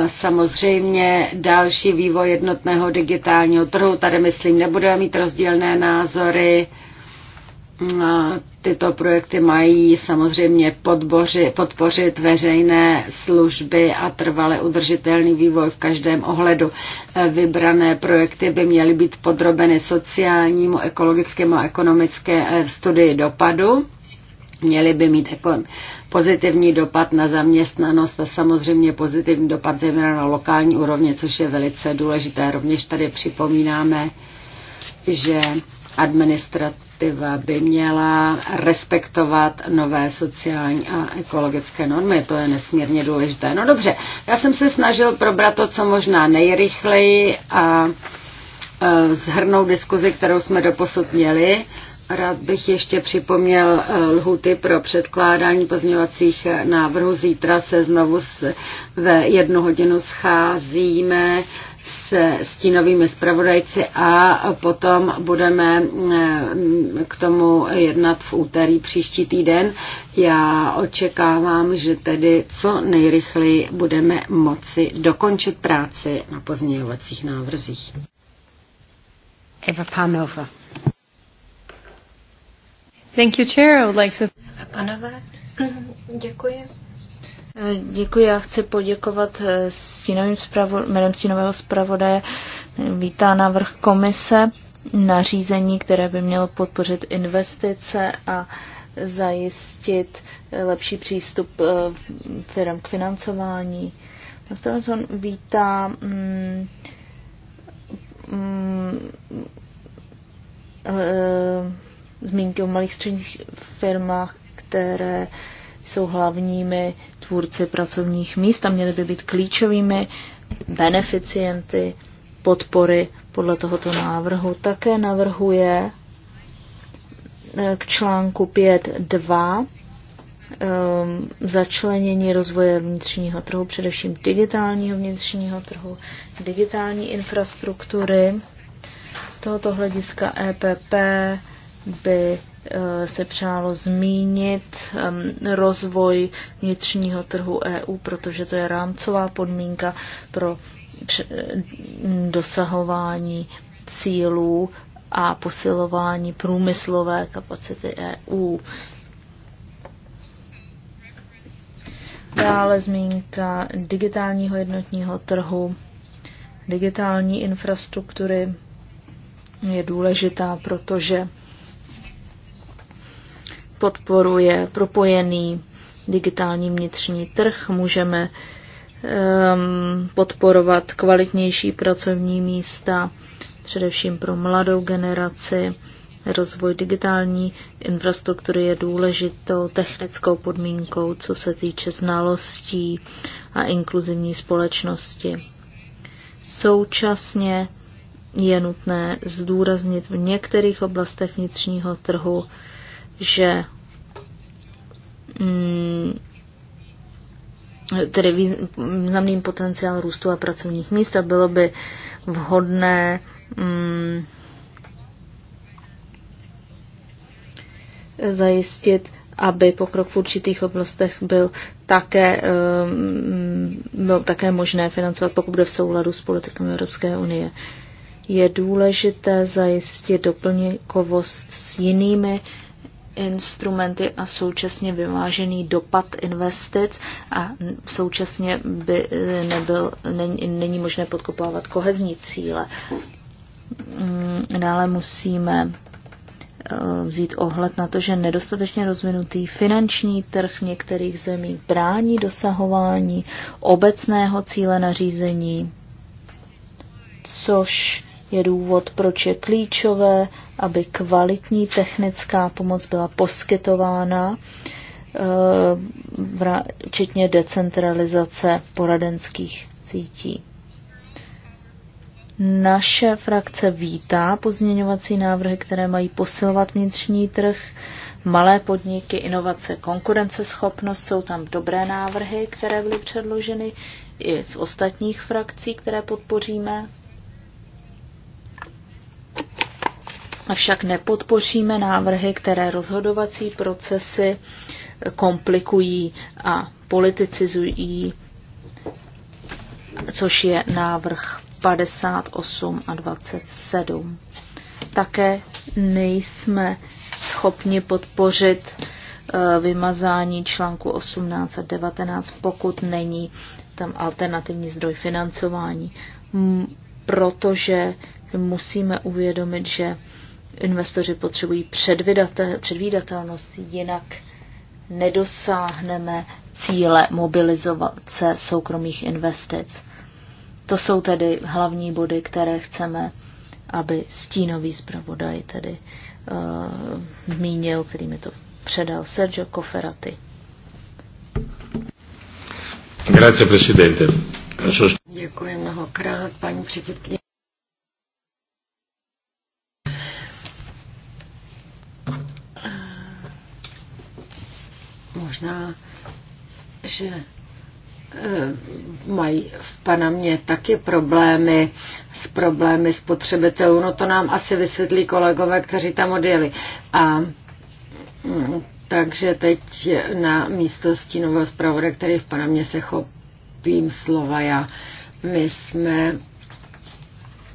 Samozřejmě další vývoj jednotného digitálního trhu. Tady, myslím, nebudeme mít rozdílné názory Tyto projekty mají samozřejmě podboři, podpořit veřejné služby a trvale udržitelný vývoj v každém ohledu. E, vybrané projekty by měly být podrobeny sociálnímu, ekologickému a ekonomické e, studii dopadu. Měly by mít ekon pozitivní dopad na zaměstnanost a samozřejmě pozitivní dopad zejména na lokální úrovně, což je velice důležité. Rovněž tady připomínáme, že administrativní legislativa by měla respektovat nové sociální a ekologické normy. To je nesmírně důležité. No dobře, já jsem se snažil probrat to, co možná nejrychleji a e, zhrnout diskuzi, kterou jsme doposud měli. Rád bych ještě připomněl e, lhuty pro předkládání pozměňovacích návrhů. Zítra se znovu ve jednu hodinu scházíme s stínovými zpravodajci a potom budeme eh, k tomu jednat v úterý příští týden. Já očekávám, že tedy co nejrychleji budeme moci dokončit práci na pozměňovacích návrzích. Eva Panova. Thank you, Chair. I would like to... Panova, děkuji. Děkuji, já
chci poděkovat eh, stínovým zpravo, jménem stínového zpravodaje. Vítá návrh komise nařízení, které by mělo podpořit investice a zajistit lepší přístup eh, firm k financování. Nastavenson vítá mm, mm, e, zmínky o malých středních firmách, které jsou hlavními tvůrci pracovních míst a měli by být klíčovými beneficienty podpory podle tohoto návrhu. Také navrhuje eh, k článku 5.2 eh, začlenění rozvoje vnitřního trhu, především digitálního vnitřního trhu, digitální infrastruktury. Z tohoto hlediska EPP by Eh, se přálo zmínit rozvoj vnitřního trhu EU, protože to je rámcová podmínka pro dosahování cílů a posilování průmyslové kapacity EU. Dále zmínka digitálního jednotního trhu, digitální infrastruktury je důležitá, protože podporuje propojený digitální vnitřní trh, můžeme um, podporovat kvalitnější pracovní místa, především pro mladou generaci. Rozvoj digitální infrastruktury je důležitou technickou podmínkou, co se týče znalostí a inkluzivní společnosti. Současně je nutné zdůraznit v některých oblastech vnitřního trhu, že Mm, tedy významným potenciál růstu a pracovních míst a bylo by vhodné mm, zajistit, aby pokrok v určitých oblastech byl také, mm, byl také možné financovat, pokud bude v souladu s politikami Evropské unie. Je důležité zajistit doplňkovost s jinými uh, instrumenty a současně vyvážený dopad investic a současně by eh, nebyl, není, není možné podkopávat kohezní cíle. Mm, dále musíme eh, vzít ohled na to, že nedostatečně rozvinutý finanční trh některých zemí brání dosahování obecného cíle nařízení, což je důvod, proč je klíčové, aby kvalitní technická pomoc byla poskytována, eh, včetně decentralizace poradenských sítí. Naše frakce vítá pozměňovací návrhy, které mají posilovat vnitřní trh. Malé podniky, inovace, konkurenceschopnost, jsou tam dobré návrhy, které byly předloženy i z ostatních frakcí, které podpoříme. Avšak nepodpoříme návrhy, které rozhodovací procesy komplikují a politicizují, což je návrh 58 a 27. Také nejsme schopni podpořit eh, vymazání článku 18 a 19, pokud není tam alternativní zdroj financování, protože musíme uvědomit, že Investoři potřebují předvídatelnost, jinak nedosáhneme cíle mobilizace soukromých investic. To jsou tedy hlavní body, které chceme, aby stínový zpravodaj tedy uh, eh, mínil, který mi to předal Sergio Coferati.
Grazie,
presidente.
Děkuji mnohokrát, paní předsedkyně. Možná, že eh, mají v Panamě taky problémy s problémy spotřebitelů. No to nám asi vysvětlí kolegové, kteří tam odjeli. A mm, takže teď na místo stínového zpravoda, který v Panamě se chopím slova já. My jsme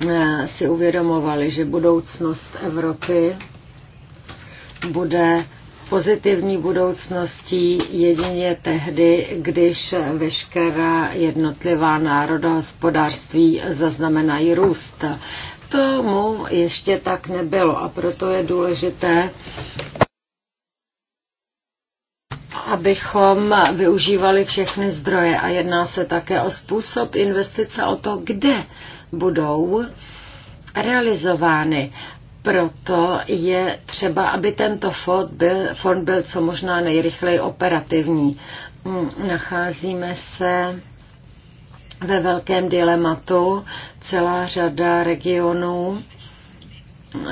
eh, si uvědomovali, že budoucnost Evropy bude pozitivní budoucností jedině tehdy, když veškerá jednotlivá národohospodářství zaznamenají růst. Tomu ještě tak nebylo a proto je důležité, abychom využívali všechny zdroje a jedná se také o způsob investice, o to, kde budou realizovány. Proto je třeba, aby tento fond byl, fond byl co možná nejrychleji operativní. Mm, nacházíme se ve velkém dilematu. Celá řada regionů eh,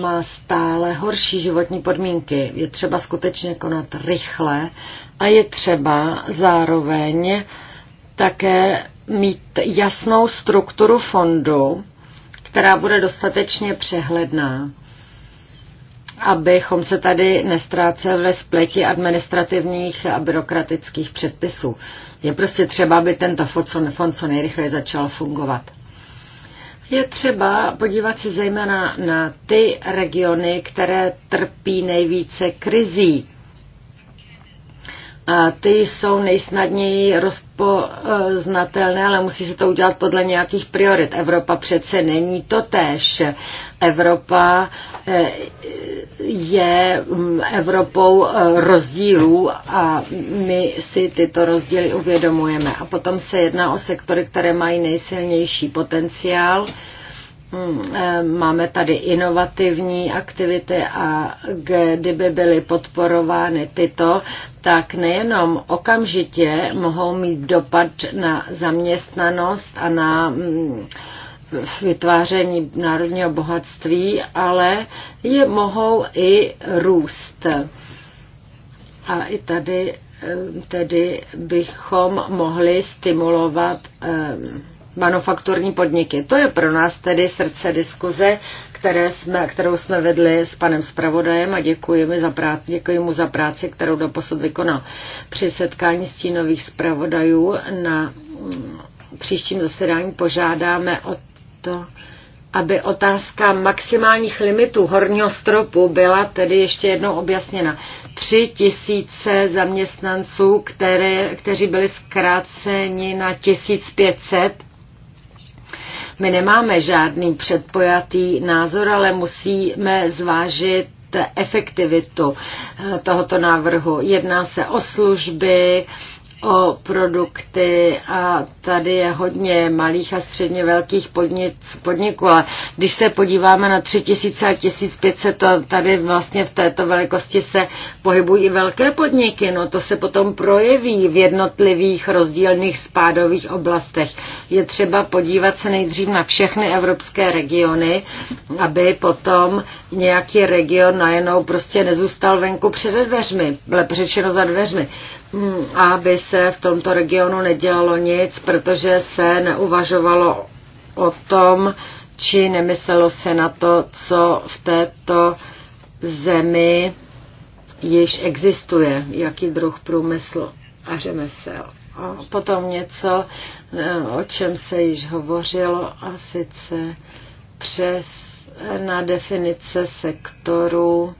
má stále horší životní podmínky. Je třeba skutečně konat rychle a je třeba zároveň také mít jasnou strukturu fondu, která bude dostatečně přehledná, abychom se tady nestráceli ve spleti administrativních a byrokratických předpisů. Je prostě třeba, aby tento fond co nejrychleji začal fungovat. Je třeba podívat se zejména na ty regiony, které trpí nejvíce krizí ty jsou nejsnadněji rozpoznatelné, ale musí se to udělat podle nějakých priorit. Evropa přece není to tež. Evropa eh, je mm, Evropou eh, rozdílů a my si tyto rozdíly uvědomujeme. A potom se jedná o sektory, které mají nejsilnější potenciál Eh, máme tady inovativní aktivity a kdyby byly podporovány tyto, tak nejenom okamžitě mohou mít dopad na zaměstnanost a na mm, vytváření národního bohatství, ale je mohou i růst. A i tady eh, tedy bychom mohli stimulovat eh, manufakturní podniky. To je pro nás tedy srdce diskuze, které jsme, kterou jsme vedli s panem zpravodajem a děkuji, za práci, děkuji mu za práci, kterou doposud vykonal při setkání stínových zpravodajů. Na mm, příštím zasedání požádáme o to, aby otázka maximálních limitů horního stropu byla tedy ještě jednou objasněna. Tři tisíce zaměstnanců, které, kteří byli zkráceni na 1500, my nemáme žádný předpojatý názor, ale musíme zvážit efektivitu eh, tohoto návrhu. Jedná se o služby, o produkty a tady je hodně malých a středně velkých podnic, podniků. A když se podíváme na 3000 a 1500, to tady vlastně v této velikosti se pohybují i velké podniky. No to se potom projeví v jednotlivých rozdílných spádových oblastech. Je třeba podívat se nejdřív na všechny evropské regiony, aby potom nějaký region najednou prostě nezůstal venku před dveřmi, lepřečeno za dveřmi aby se v tomto regionu nedělalo nic, protože se neuvažovalo o tom, či nemyslelo se na to, co v této zemi již existuje, jaký druh průmyslu a řemesel. A potom něco, eh, o čem se již hovořilo, a sice přes eh, na definice sektoru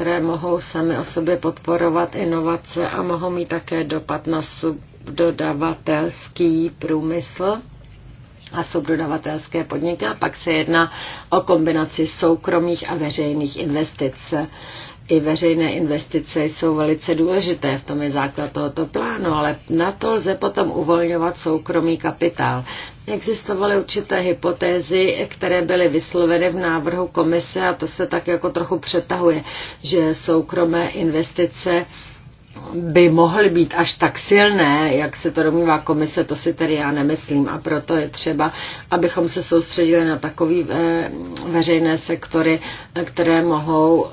které mohou sami o sobě podporovat inovace a mohou mít také dopad na subdodavatelský průmysl a subdodavatelské podniky a pak se jedná o kombinaci soukromých a veřejných investic i veřejné investice jsou velice důležité, v tom je základ tohoto plánu, ale na to lze potom uvolňovat soukromý kapitál. Existovaly určité hypotézy, které byly vysloveny v návrhu komise a to se tak jako trochu přetahuje, že soukromé investice by mohly být až tak silné, jak se to domnívá komise, to si tedy já nemyslím. A proto je třeba, abychom se soustředili na takové eh, veřejné sektory, eh, které mohou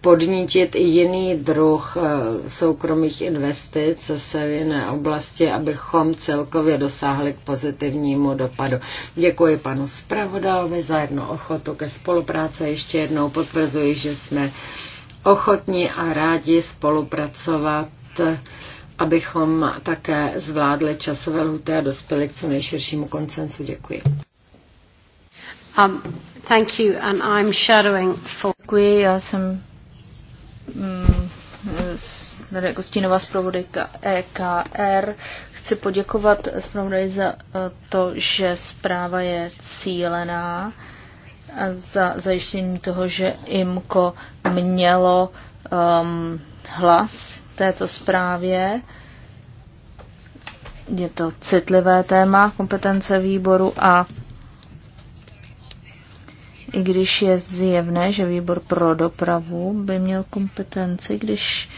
podnítit i jiný druh eh, soukromých investic se v jiné oblasti, abychom celkově dosáhli k pozitivnímu dopadu. Děkuji panu zpravodajovi za jednu ochotu ke spolupráci. Ještě jednou potvrzuji, že jsme ochotní a rádi spolupracovat, abychom také zvládli časové lhuty a dospěli k co nejširšímu koncensu. Děkuji.
A um, Thank you and I'm shadowing for... Děkuji, já jsem mm, tady jako stínová zpravodajka EKR.
Chci poděkovat zpravodaji za eh, to, že zpráva je cílená a za zajištění toho, že IMKO mělo um, hlas této zprávě. Je to citlivé téma kompetence výboru a i když je zjevné, že výbor pro dopravu by měl kompetenci, když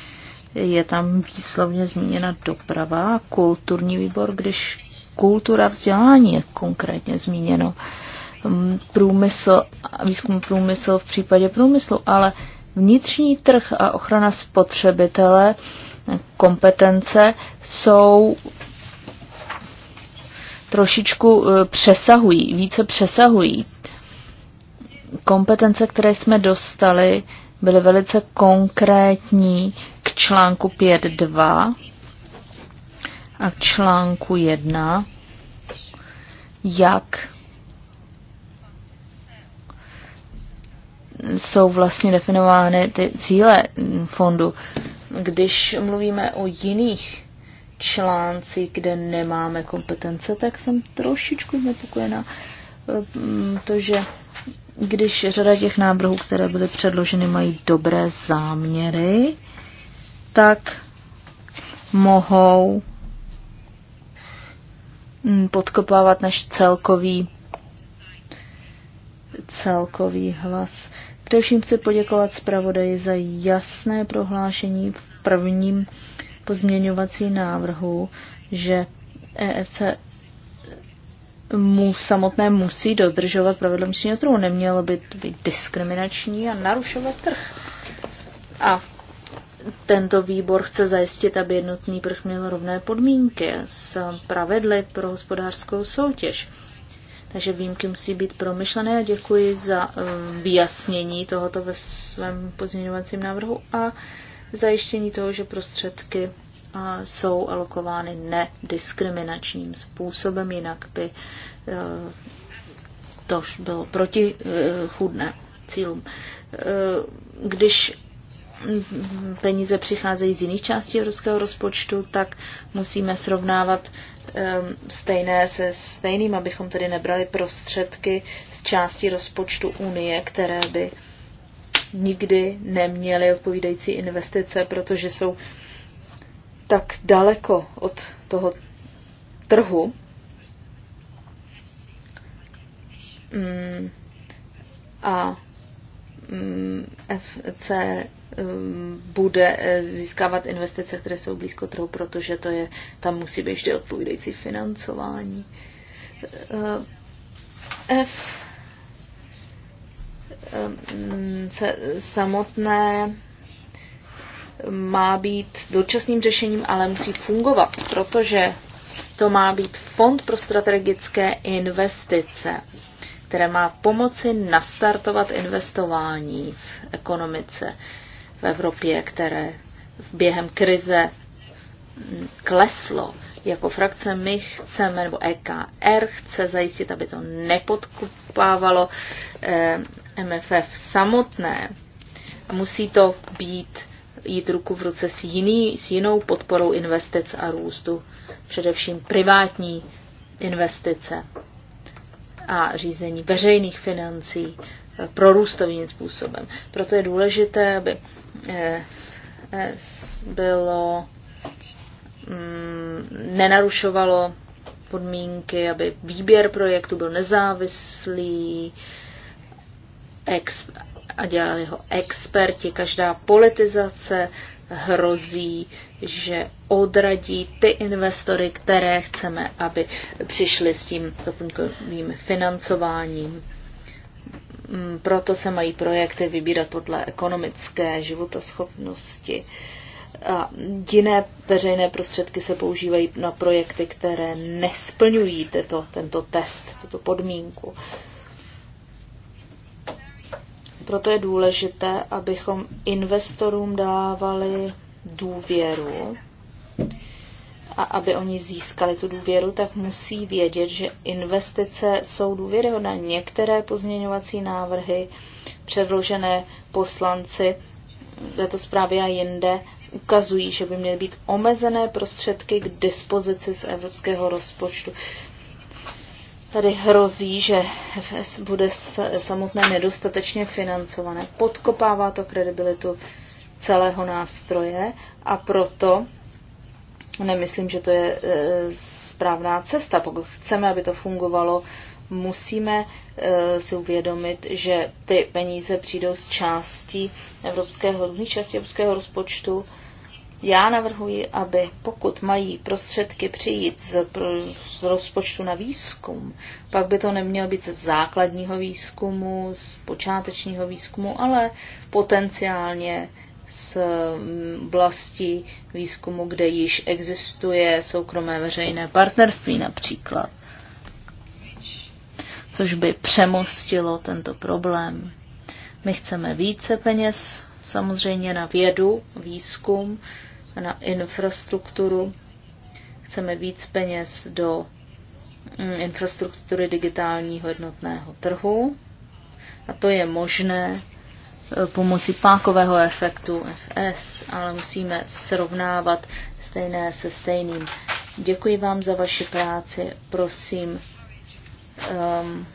je tam výslovně zmíněna doprava a kulturní výbor, když kultura vzdělání je konkrétně zmíněno. Mm, průmysl, výzkum průmysl v případě průmyslu, ale vnitřní trh a ochrana spotřebitele, kompetence jsou trošičku eh, přesahují, více přesahují kompetence, které jsme dostali, byly velice konkrétní k článku 5.2 a k článku 1, jak jsou vlastně definovány ty cíle fondu. Když mluvíme o jiných článcích, kde nemáme kompetence, tak jsem trošičku znepokojená, eh, to, že když řada těch návrhů, které byly předloženy, mají dobré záměry, tak mohou mm, podkopávat naš celkový celkový hlas. Především chci poděkovat zpravodaji za jasné prohlášení v prvním pozměňovací návrhu, že EFC mu samotné musí dodržovat pravidla vnitřního trhu. Nemělo by být diskriminační a narušovat trh. A tento výbor chce zajistit, aby jednotný trh měl rovné podmínky s pravidly pro hospodářskou soutěž. Takže výjimky musí být promyšlené a děkuji za eh, vyjasnění tohoto ve svém pozměňovacím návrhu a zajištění toho, že prostředky jsou alokovány nediskriminačním způsobem, jinak by eh, to bylo proti eh, chudné cílům. Eh, když mm, peníze přicházejí z jiných částí evropského rozpočtu, tak musíme srovnávat stejné se stejným, abychom tedy nebrali prostředky z části rozpočtu Unie, které by nikdy neměly odpovídající investice, protože jsou tak daleko od toho trhu. Mm, a mm, FC mm, bude eh, získávat investice, které jsou blízko trhu, protože to je, tam musí být vždy odpovídající financování. Eh, F eh, se samotné má být dočasným řešením, ale musí fungovat, protože to má být fond pro strategické investice, které má pomoci nastartovat investování v ekonomice v Evropě, které během krize mm, kleslo. Jako frakce my chceme, nebo EKR chce zajistit, aby to nepodkupávalo eh, MFF samotné. Musí to být jít ruku v ruce s, jiný, s jinou podporou investic a růstu, především privátní investice a řízení veřejných financí eh, prorůstovým způsobem. Proto je důležité, aby eh, eh, bylo mm, nenarušovalo podmínky, aby výběr projektu byl nezávislý, a dělali ho experti. Každá politizace hrozí, že odradí ty investory, které chceme, aby přišli s tím doplňkovým financováním. Mm, proto se mají projekty vybírat podle ekonomické životoschopnosti. A jiné veřejné prostředky se používají na projekty, které nesplňují tyto, tento test, tuto podmínku. Proto je důležité, abychom investorům dávali důvěru a aby oni získali tu důvěru, tak musí vědět, že investice jsou důvěryhodné. Některé pozměňovací návrhy předložené poslanci této zprávě a jinde ukazují, že by měly být omezené prostředky k dispozici z evropského rozpočtu tady hrozí, že FS bude samotné nedostatečně financované. Podkopává to kredibilitu celého nástroje a proto nemyslím, že to je e, správná cesta. Pokud chceme, aby to fungovalo, musíme e, si uvědomit, že ty peníze přijdou z části evropského, části evropského rozpočtu já navrhuji, aby pokud mají prostředky přijít z, z rozpočtu na výzkum, pak by to nemělo být ze základního výzkumu, z počátečního výzkumu, ale potenciálně z mm, oblasti výzkumu, kde již existuje soukromé veřejné partnerství například, což by přemostilo tento problém. My chceme více peněz samozřejmě na vědu, výzkum, na infrastrukturu. Chceme víc peněz do mm, infrastruktury digitálního jednotného trhu. A to je možné e, pomocí pákového efektu FS, ale musíme srovnávat stejné se stejným. Děkuji vám za vaši práci. Prosím, um,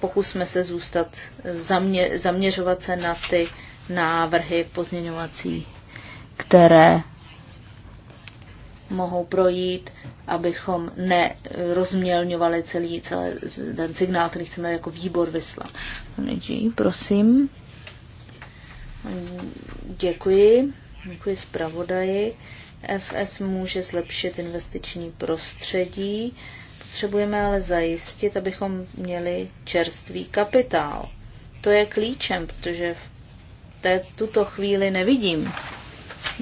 pokusme se zůstat, zamě, zaměřovat se na ty návrhy pozměňovací které mohou projít, abychom nerozmělňovali celý, celý ten signál, který chceme jako výbor vyslat. Prosím. Děkuji. Děkuji zpravodaji. FS může zlepšit investiční prostředí. Potřebujeme ale zajistit, abychom měli čerstvý kapitál. To je klíčem, protože v té, tuto chvíli nevidím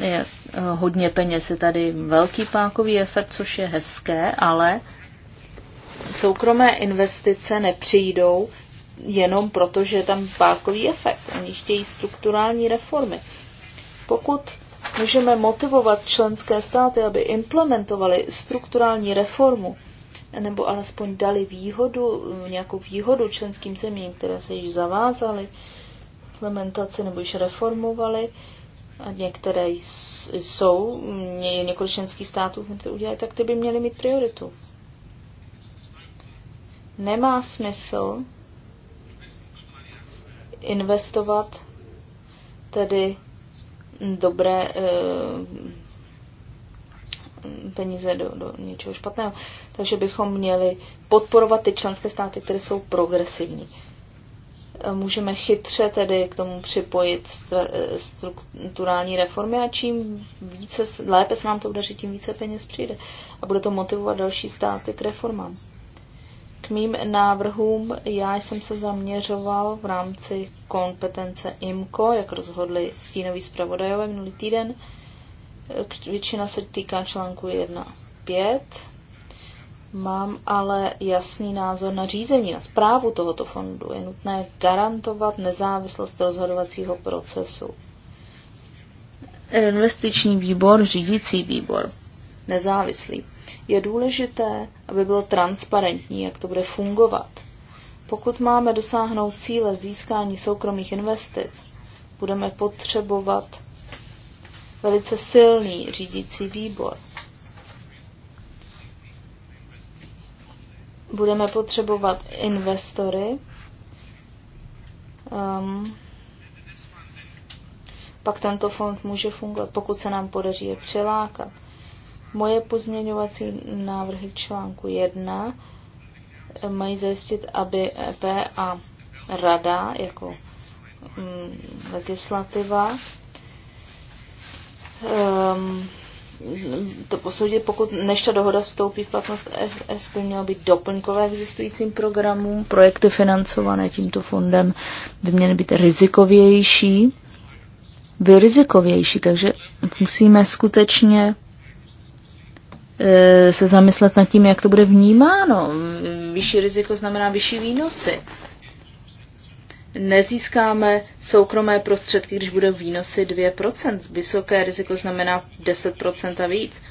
je eh, hodně peněz, je tady velký pákový efekt, což je hezké, ale soukromé investice nepřijdou jenom proto, že je tam pákový efekt. Oni chtějí strukturální reformy. Pokud můžeme motivovat členské státy, aby implementovali strukturální reformu, nebo alespoň dali výhodu, nějakou výhodu členským zemím, které se již zavázaly implementaci nebo již reformovaly, a některé jsou, několik členských států to udělají, tak ty by měly mít prioritu. Nemá smysl investovat tedy dobré e, peníze do, do něčeho špatného. Takže bychom měli podporovat ty členské státy, které jsou progresivní. E, můžeme chytře tedy k tomu připojit strukturální reformy a čím více, lépe se nám to udaří, tím více peněz přijde. A bude to motivovat další státy k reformám. K mým návrhům já jsem se zaměřoval v rámci kompetence IMCO, jak rozhodli stínoví zpravodajové minulý týden. Většina se týká článku 1.5 Mám ale jasný názor na řízení, na zprávu tohoto fondu. Je nutné garantovat nezávislost rozhodovacího procesu. Investiční výbor, řídící výbor, nezávislý. Je důležité, aby bylo transparentní, jak to bude fungovat. Pokud máme dosáhnout cíle získání soukromých investic, budeme potřebovat velice silný řídící výbor budeme potřebovat investory. Um, pak tento fond může fungovat, pokud se nám podaří je přilákat. Moje pozměňovací návrhy článku 1 eh, mají zajistit, aby EP a rada jako um, legislativa um, to posoudit, pokud než ta dohoda vstoupí v platnost FS, by měla být doplňkové existujícím programům, projekty financované tímto fondem by měly být rizikovější, by rizikovější, takže musíme skutečně e, se zamyslet nad tím, jak to bude vnímáno. Vyšší riziko znamená vyšší výnosy nezískáme soukromé prostředky, když budou výnosy 2%. Vysoké riziko znamená 10% a víc.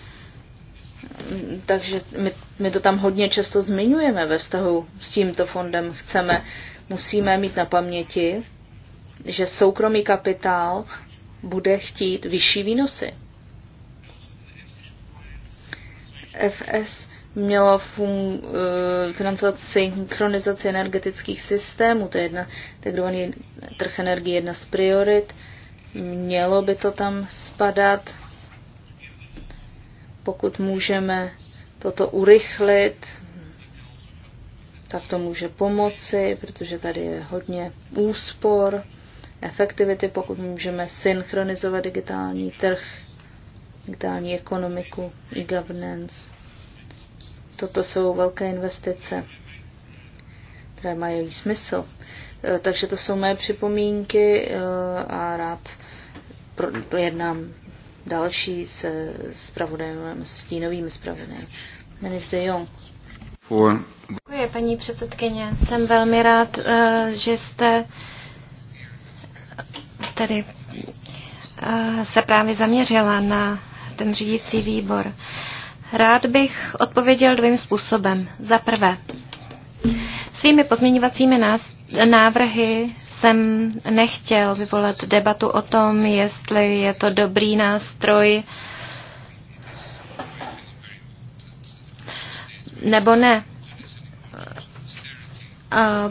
Takže my, my to tam hodně často zmiňujeme ve vztahu s tímto fondem. Chceme, musíme mít na paměti, že soukromý kapitál bude chtít vyšší výnosy. FS mělo fun, eh, financovat synchronizaci energetických systémů, to je jedna, integrovaný trh energie jedna z priorit, mělo by to tam spadat, pokud můžeme toto urychlit, tak to může pomoci, protože tady je hodně úspor, efektivity, pokud můžeme synchronizovat digitální trh, digitální ekonomiku, e-governance Toto jsou velké investice, které mají smysl. E, takže to jsou mé připomínky e, a rád projednám další se spravodajem, stínovými spravodajem. Minister Jong.
Děkuji, paní předsedkyně. Jsem velmi rád, e, že jste tedy se právě zaměřila na ten řídící výbor. Rád bych odpověděl dvým způsobem. Za prvé, svými pozměňovacími návrhy jsem nechtěl vyvolat debatu o tom, jestli je to dobrý nástroj nebo ne.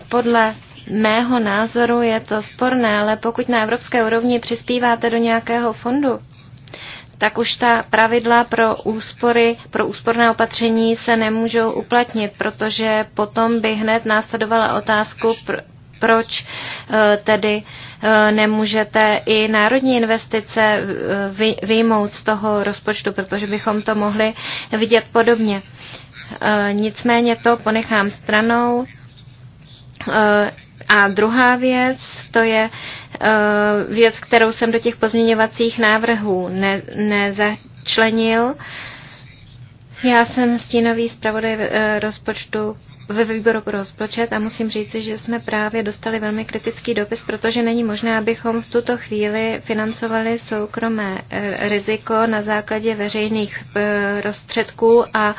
Podle mého názoru je to sporné, ale pokud na evropské úrovni přispíváte do nějakého fondu, tak už ta pravidla pro úspory, pro úsporné opatření se nemůžou uplatnit, protože potom by hned následovala otázku, proč eh, tedy eh, nemůžete i národní investice eh, vyjmout z toho rozpočtu, protože bychom to mohli vidět podobně. Nicméně to ponechám stranou. A druhá věc, to je Eh, věc, kterou jsem do těch pozměňovacích návrhů ne, nezačlenil. Já jsem stínový zpravodaj eh, rozpočtu ve výboru pro rozpočet a musím říct, že jsme právě dostali velmi kritický dopis, protože není možné, abychom v tuto chvíli financovali soukromé eh, riziko na základě veřejných prostředků a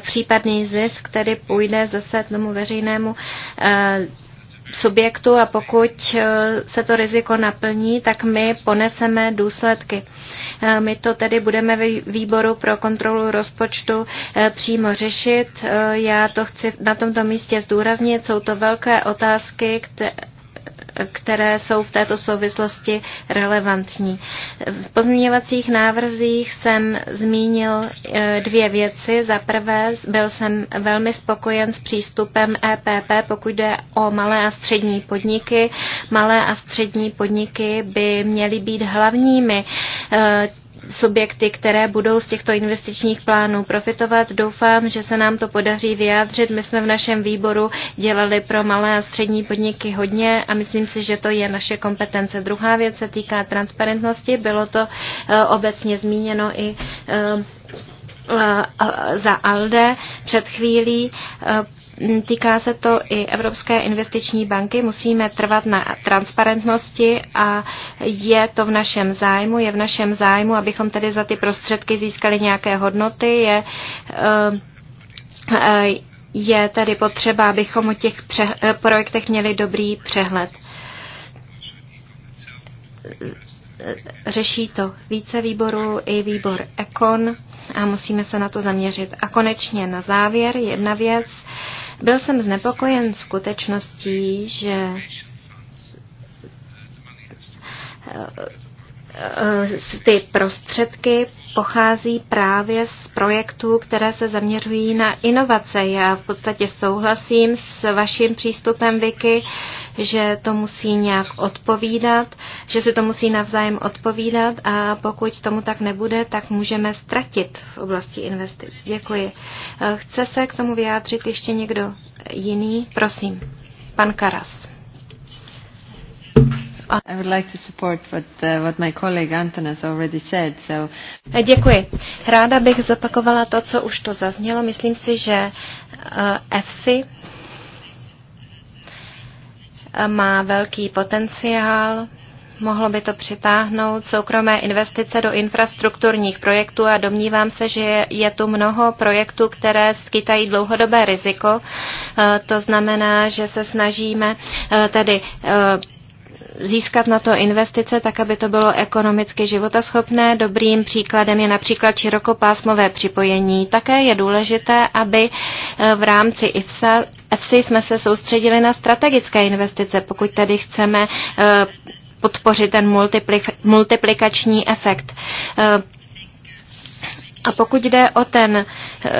případný zisk, který půjde zase tomu veřejnému subjektu a pokud eh, se to riziko naplní, tak my poneseme důsledky. Eh, my to tedy budeme výboru pro kontrolu rozpočtu eh, přímo řešit. Já to chci na tomto místě zdůraznit. Jsou to velké otázky, které jsou v této souvislosti relevantní. V pozměňovacích návrzích jsem zmínil eh, dvě věci. Za prvé byl jsem velmi spokojen s přístupem EPP, pokud jde o malé a střední podniky. Malé a střední podniky by měly být hlavními eh, subjekty, které budou z těchto investičních plánů profitovat. Doufám, že se nám to podaří vyjádřit. My jsme v našem výboru dělali pro malé a střední podniky hodně a myslím si, že to je naše kompetence. Druhá věc se týká transparentnosti. Bylo to eh, obecně zmíněno i eh, za ALDE před chvílí eh, Týká se to i Evropské investiční banky. Musíme trvat na transparentnosti a je to v našem zájmu. Je v našem zájmu, abychom tedy za ty prostředky získali nějaké hodnoty. Je, eh, eh, je tedy potřeba, abychom o těch eh, projektech měli dobrý přehled. Řeší to více výborů i výbor Ekon a musíme se na to zaměřit. A konečně na závěr jedna věc. Uh, byl jsem znepokojen skutečností, že eh, eh, ty prostředky pochází právě z projektů, které se zaměřují na inovace. Já v podstatě souhlasím s vaším přístupem, Vicky, že to musí nějak odpovídat, že se to musí navzájem odpovídat a pokud tomu tak nebude, tak můžeme ztratit v oblasti investic. Děkuji. Eh, chce se k tomu vyjádřit ještě někdo jiný? Prosím, pan Karas.
I would like to support what, uh, what my colleague Anton has already said. So. Eh, děkuji. Ráda
bych zopakovala to, co už to zaznělo. Myslím si, že uh, eh, EFSI má velký potenciál, mohlo by to přitáhnout soukromé investice do infrastrukturních projektů a domnívám se, že je tu mnoho projektů, které skytají dlouhodobé riziko. E, to znamená, že se snažíme e, tedy e, získat na to investice, tak aby to bylo ekonomicky životaschopné. Dobrým příkladem je například širokopásmové připojení. Také je důležité, aby v rámci IFSA EFSI jsme se soustředili na strategické investice, pokud tedy chceme eh, podpořit ten multiplikační efekt. Eh, a pokud jde o ten eh,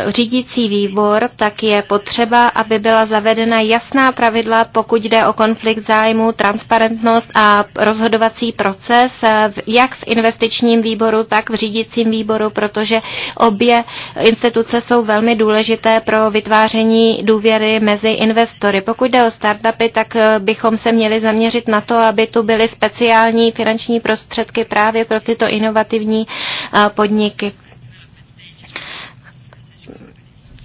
řídící výbor, tak je potřeba, aby byla zavedena jasná pravidla, pokud jde o konflikt zájmu, transparentnost a rozhodovací proces, eh, jak v investičním výboru, tak v řídícím výboru, protože obě instituce jsou velmi důležité pro vytváření důvěry mezi investory. Pokud jde o startupy, tak eh, bychom se měli zaměřit na to, aby tu byly speciální finanční prostředky právě pro tyto inovativní podniky.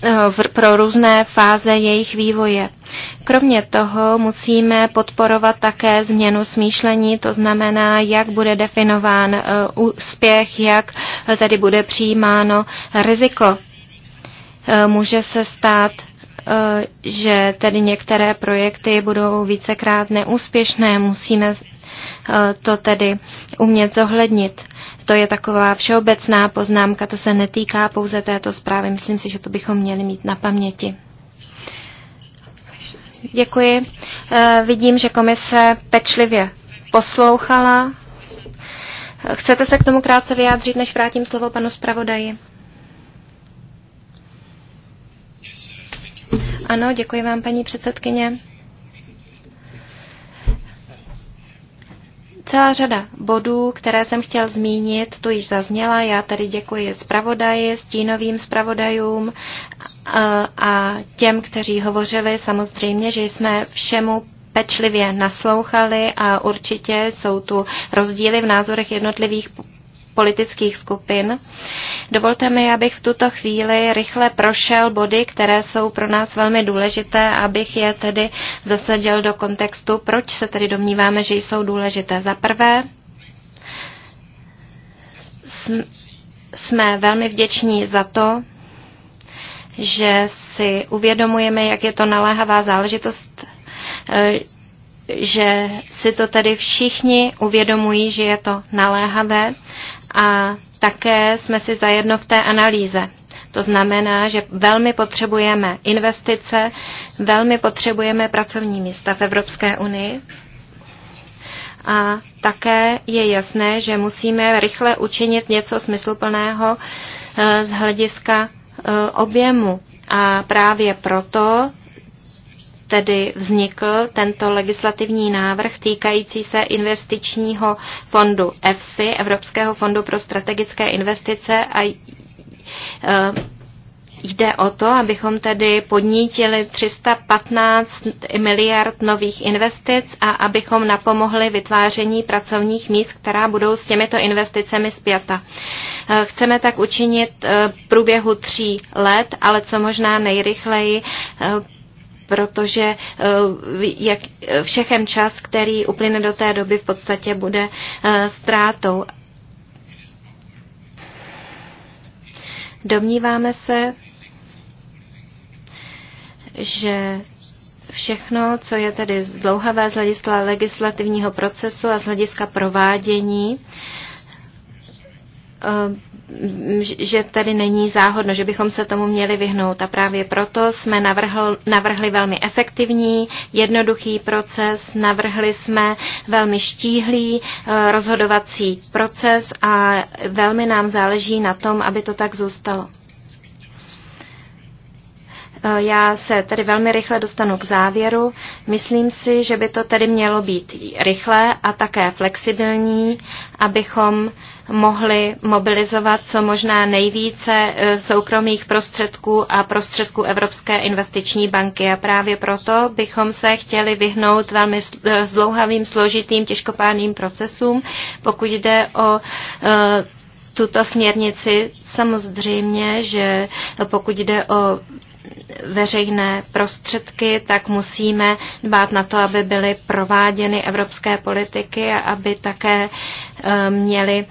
Eh, pro různé fáze jejich vývoje. Kromě toho musíme podporovat také změnu smýšlení, to znamená, jak bude definován eh, úspěch, jak tady bude přijímáno riziko. Eh, může se stát, že tedy některé projekty budou vícekrát neúspěšné, musíme to tedy umět zohlednit to je taková všeobecná poznámka, to se netýká pouze této zprávy. Myslím si, že to bychom měli mít na paměti. Děkuji. Eh, vidím, že komise pečlivě poslouchala. Chcete se k tomu krátce vyjádřit, než vrátím slovo panu zpravodaji? Ano, děkuji vám, paní předsedkyně. Celá řada bodů, které jsem chtěl zmínit, tu již zazněla. Já tady děkuji zpravodaji, stínovým zpravodajům a těm, kteří hovořili. Samozřejmě, že jsme všemu pečlivě naslouchali a určitě jsou tu rozdíly v názorech jednotlivých politických skupin. Dovolte mi, abych v tuto chvíli rychle prošel body, které jsou pro nás velmi důležité, abych je tedy zasadil do kontextu, proč se tedy domníváme, že jsou důležité. Za prvé, jsme velmi vděční za to, že si uvědomujeme, jak je to naléhavá záležitost, eh, že si to tedy všichni uvědomují, že je to naléhavé a také jsme si zajedno v té analýze. To znamená, že velmi potřebujeme investice, velmi potřebujeme pracovní místa v Evropské unii a také je jasné, že musíme rychle učinit něco smysluplného eh, z hlediska eh, objemu. A právě proto tedy vznikl tento legislativní návrh týkající se investičního fondu EFSI, Evropského fondu pro strategické investice a e, Jde o to, abychom tedy podnítili 315 miliard nových investic a abychom napomohli vytváření pracovních míst, která budou s těmito investicemi zpěta. E, chceme tak učinit e, v průběhu tří let, ale co možná nejrychleji protože eh, jak všechen čas, který uplyne do té doby, v podstatě bude eh, ztrátou. Domníváme se, že všechno, co je tedy zdlouhavé z hlediska legislativního procesu a z hlediska provádění, eh, že tady není záhodno, že bychom se tomu měli vyhnout. A právě proto jsme navrhl, navrhli velmi efektivní, jednoduchý proces, navrhli jsme velmi štíhlý eh, rozhodovací proces a velmi nám záleží na tom, aby to tak zůstalo. Eh, já se tedy velmi rychle dostanu k závěru. Myslím si, že by to tedy mělo být rychlé a také flexibilní, abychom mohli mobilizovat co možná nejvíce eh, soukromých prostředků a prostředků Evropské investiční banky. A právě proto bychom se chtěli vyhnout velmi eh, zdlouhavým, složitým, těžkopádným procesům, pokud jde o tuto směrnici. Samozřejmě, že pokud jde o veřejné prostředky, tak musíme dbát na to, aby byly prováděny evropské politiky a aby také eh, měly,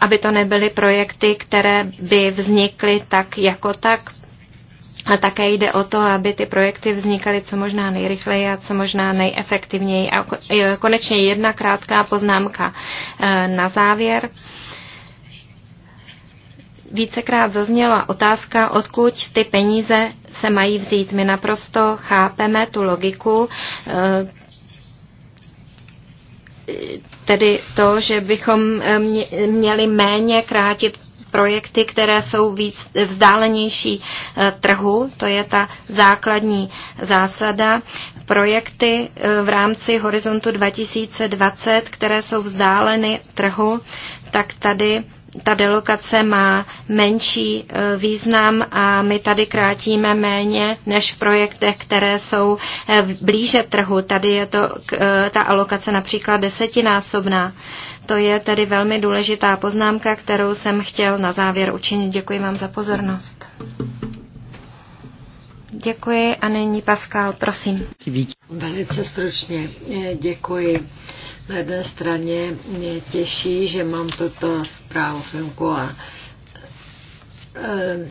aby to nebyly projekty, které by vznikly tak jako tak. A také jde o to, aby ty projekty vznikaly co možná nejrychleji a co možná nejefektivněji. A konečně jedna krátká poznámka eh, na závěr vícekrát zazněla otázka, odkud ty peníze se mají vzít. My naprosto chápeme tu logiku, eh, tedy to, že bychom eh, měli méně krátit projekty, které jsou víc eh, vzdálenější trhu, to je ta základní zásada. Projekty v rámci Horizontu 2020, které jsou vzdáleny trhu, tak tady ta delokace má menší e, význam a my tady krátíme méně než v projektech, které jsou e, blíže trhu. Tady je to e, ta alokace například desetinásobná. To je tedy velmi důležitá poznámka, kterou jsem chtěl na závěr učinit. Děkuji vám za pozornost.
Děkuji a nyní Pascal, prosím. Velice stručně děkuji. Na jedné straně mě těší, že mám tuto zprávu filmku a eh,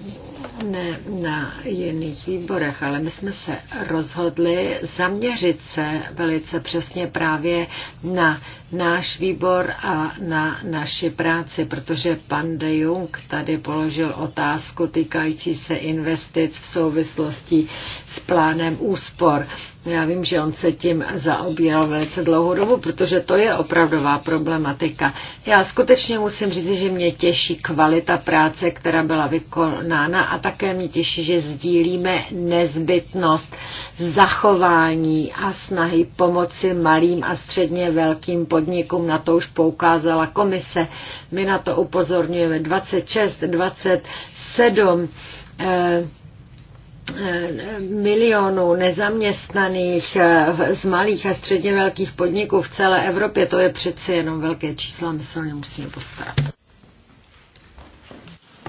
ne na jiných výborech, ale my jsme se rozhodli zaměřit se velice přesně právě na náš výbor a na naši práci, protože pan de Jung tady položil otázku týkající se investic v souvislosti s plánem úspor. Já vím, že on se tím zaobíral velice dlouhou dobu, protože to je opravdová problematika. Já skutečně musím říct, že mě těší kvalita práce, která byla vykonána a také mě těší, že sdílíme nezbytnost zachování a snahy pomoci malým a středně velkým podnikům podnikům, na to už poukázala komise. My na to upozorňujeme 26, 27 eh, eh, milionů nezaměstnaných eh, z malých a středně velkých podniků v celé Evropě, to je přeci jenom velké číslo, my se o ně musíme postarat.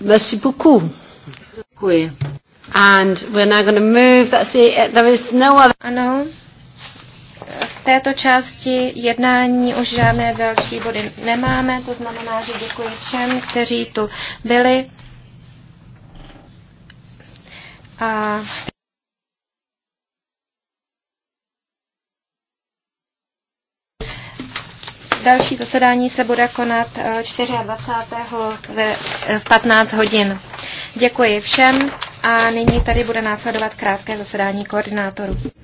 Merci beaucoup. Děkuji. And we're now going to move. That's the, there is no other. Ano
této části jednání už žádné další body nemáme, to znamená, že děkuji všem, kteří tu byli. A Další zasedání se bude konat 24. Eh, ve 15 eh, hodin. Děkuji všem a nyní tady bude následovat krátké zasedání koordinátorů.